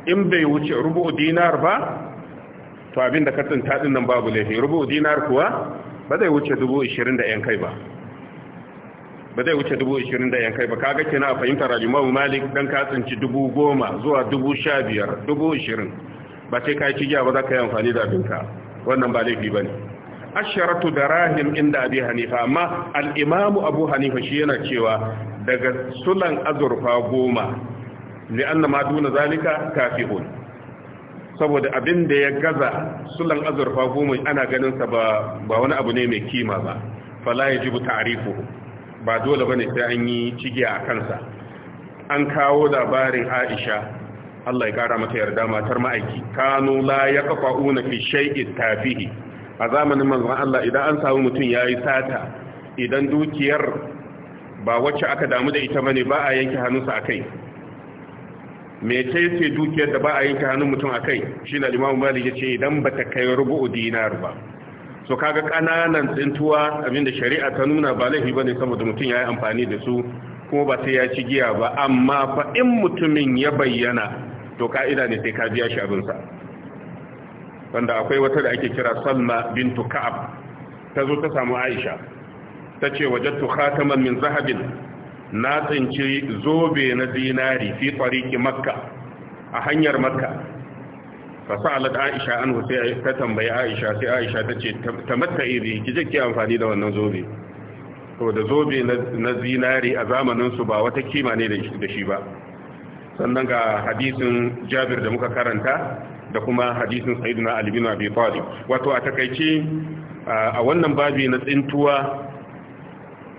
in bai wuce rubu dinar ba to abin da ka tsinta din nan babu laifi rubu dinar kuwa ba zai wuce dubu ishirin da yan kai ba ba zai wuce dubu ishirin da yan kai ba kaga kina a fahimtar alimawu malik dan ka tsinci dubu goma zuwa dubu sha biyar dubu ishirin ba sai ka yi cigiya ba za ka yi amfani da abinka wannan ba laifi ba ne asharatu darahim inda abi hanifa amma al'imamu abu hanifa shi yana cewa daga sulan azurfa goma li'anna ma duna zalika kafihun saboda abin da ya gaza sulan azurfa goma ana ganin sa ba wani abu ne mai kima ba fala yajibu ta'rifu ba dole bane sai an yi cigiya a kansa an kawo labarin Aisha Allah ya kara mata yarda matar ma'aiki kanu la yaqfa'una fi shay'in tafihi a zamanin manzon Allah idan an samu mutum ya yi sata idan dukiyar ba wacce aka damu da ita bane ba a yanke hannunsa kai. me ce ce dukiyar da ba a yi ta hannun mutum a kai shi na limamu malik ya ce idan ba ta kai rubu'u dinar ba so kaga kananan tsintuwa abinda shari'a ta nuna ba laifi ba ne saboda mutum ya yi amfani da su kuma ba sai ya ci giya ba amma fa in mutumin ya bayyana to ka'ida ne sai ka biya shi abinsa wanda akwai wata da ake kira salma bintu ka'ab ta zo ta samu aisha ta ce wajattu khataman min zahabin na tsinci zobe na zinari fi tsariki makka a hanyar makka fasalat aisha an sai ta tambayi aisha sai aisha ta ce ta matta iri ki je ki amfani da wannan zobe to da zobe na zinari a zamanin su ba wata kima ne da shi ba sannan ga hadisin jabir da muka karanta da kuma hadisin sayyidina ali bin abi talib wato a takaici a wannan babi na tsintuwa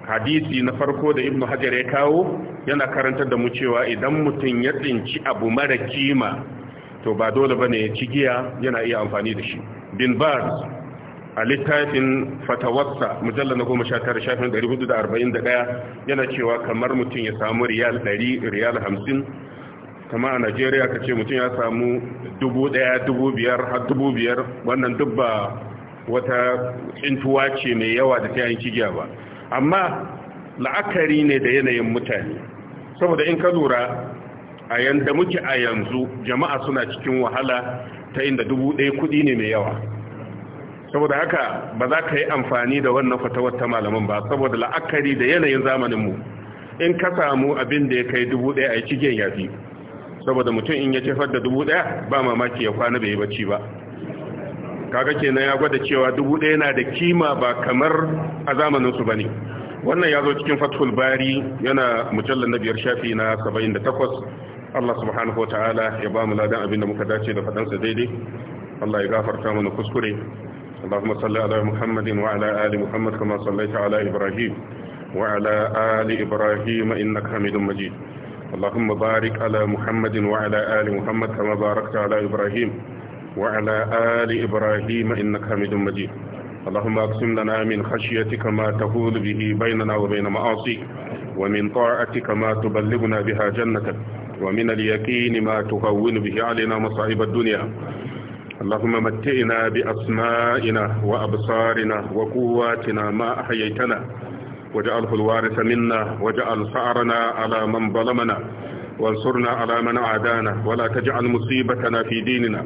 hadisi na farko da ibnu hajar ya kawo yana karantar da mu cewa idan mutum ya tsinci abu mara kima to ba dole ba ne ci yana iya amfani da shi bin baz a littafin fatawarsa mujallar na goma sha tara shafin ɗari hudu da arba'in da ɗaya yana cewa kamar mutum ya samu riyal ɗari riyal hamsin kama a najeriya ka ce mutum ya samu dubu ɗaya dubu biyar har dubu biyar wannan duk ba wata tsintuwa ce mai yawa da ta yi giya ba amma la'akari ne da yanayin mutane saboda in ka lura a yanda muke a yanzu jama'a suna cikin wahala ta inda dubu ɗaya kuɗi ne mai yawa saboda haka ba za ka yi amfani da wannan fatawar ta malaman ba saboda la'akari da yanayin zamaninmu in ka samu abin da ya kai dubu ɗaya a yi cikin yafi saboda mutum in ya tafar da dubu ɗaya ba mamaki ya kwana bai yi bacci ba kaga kenan ya gwada cewa dubu ɗaya na da kima ba kamar a ba ne wannan ya zo cikin fathul bari yana mujallar na biyar shafi na takwas Allah subhanahu wataala ya ba mu ladan abin da muka dace da faɗansa daidai Allah ya gafarta mana kuskure اللهم صل على محمد وعلى آل محمد كما صليت على إبراهيم وعلى آل إبراهيم إنك حميد مجيد اللهم بارك على محمد وعلى آل محمد كما باركت على إبراهيم وعلى آل إبراهيم إنك حميد مجيد اللهم اقسم لنا من خشيتك ما تفوذ به بيننا وبين معاصيك ومن طاعتك ما تبلغنا بها جنتك ومن اليقين ما تهون به علينا مصائب الدنيا اللهم متئنا بأسمائنا وأبصارنا وقواتنا ما أحييتنا واجعله الوارث منا واجعل ثأرنا على من ظلمنا وانصرنا على من عادانا ولا تجعل مصيبتنا في ديننا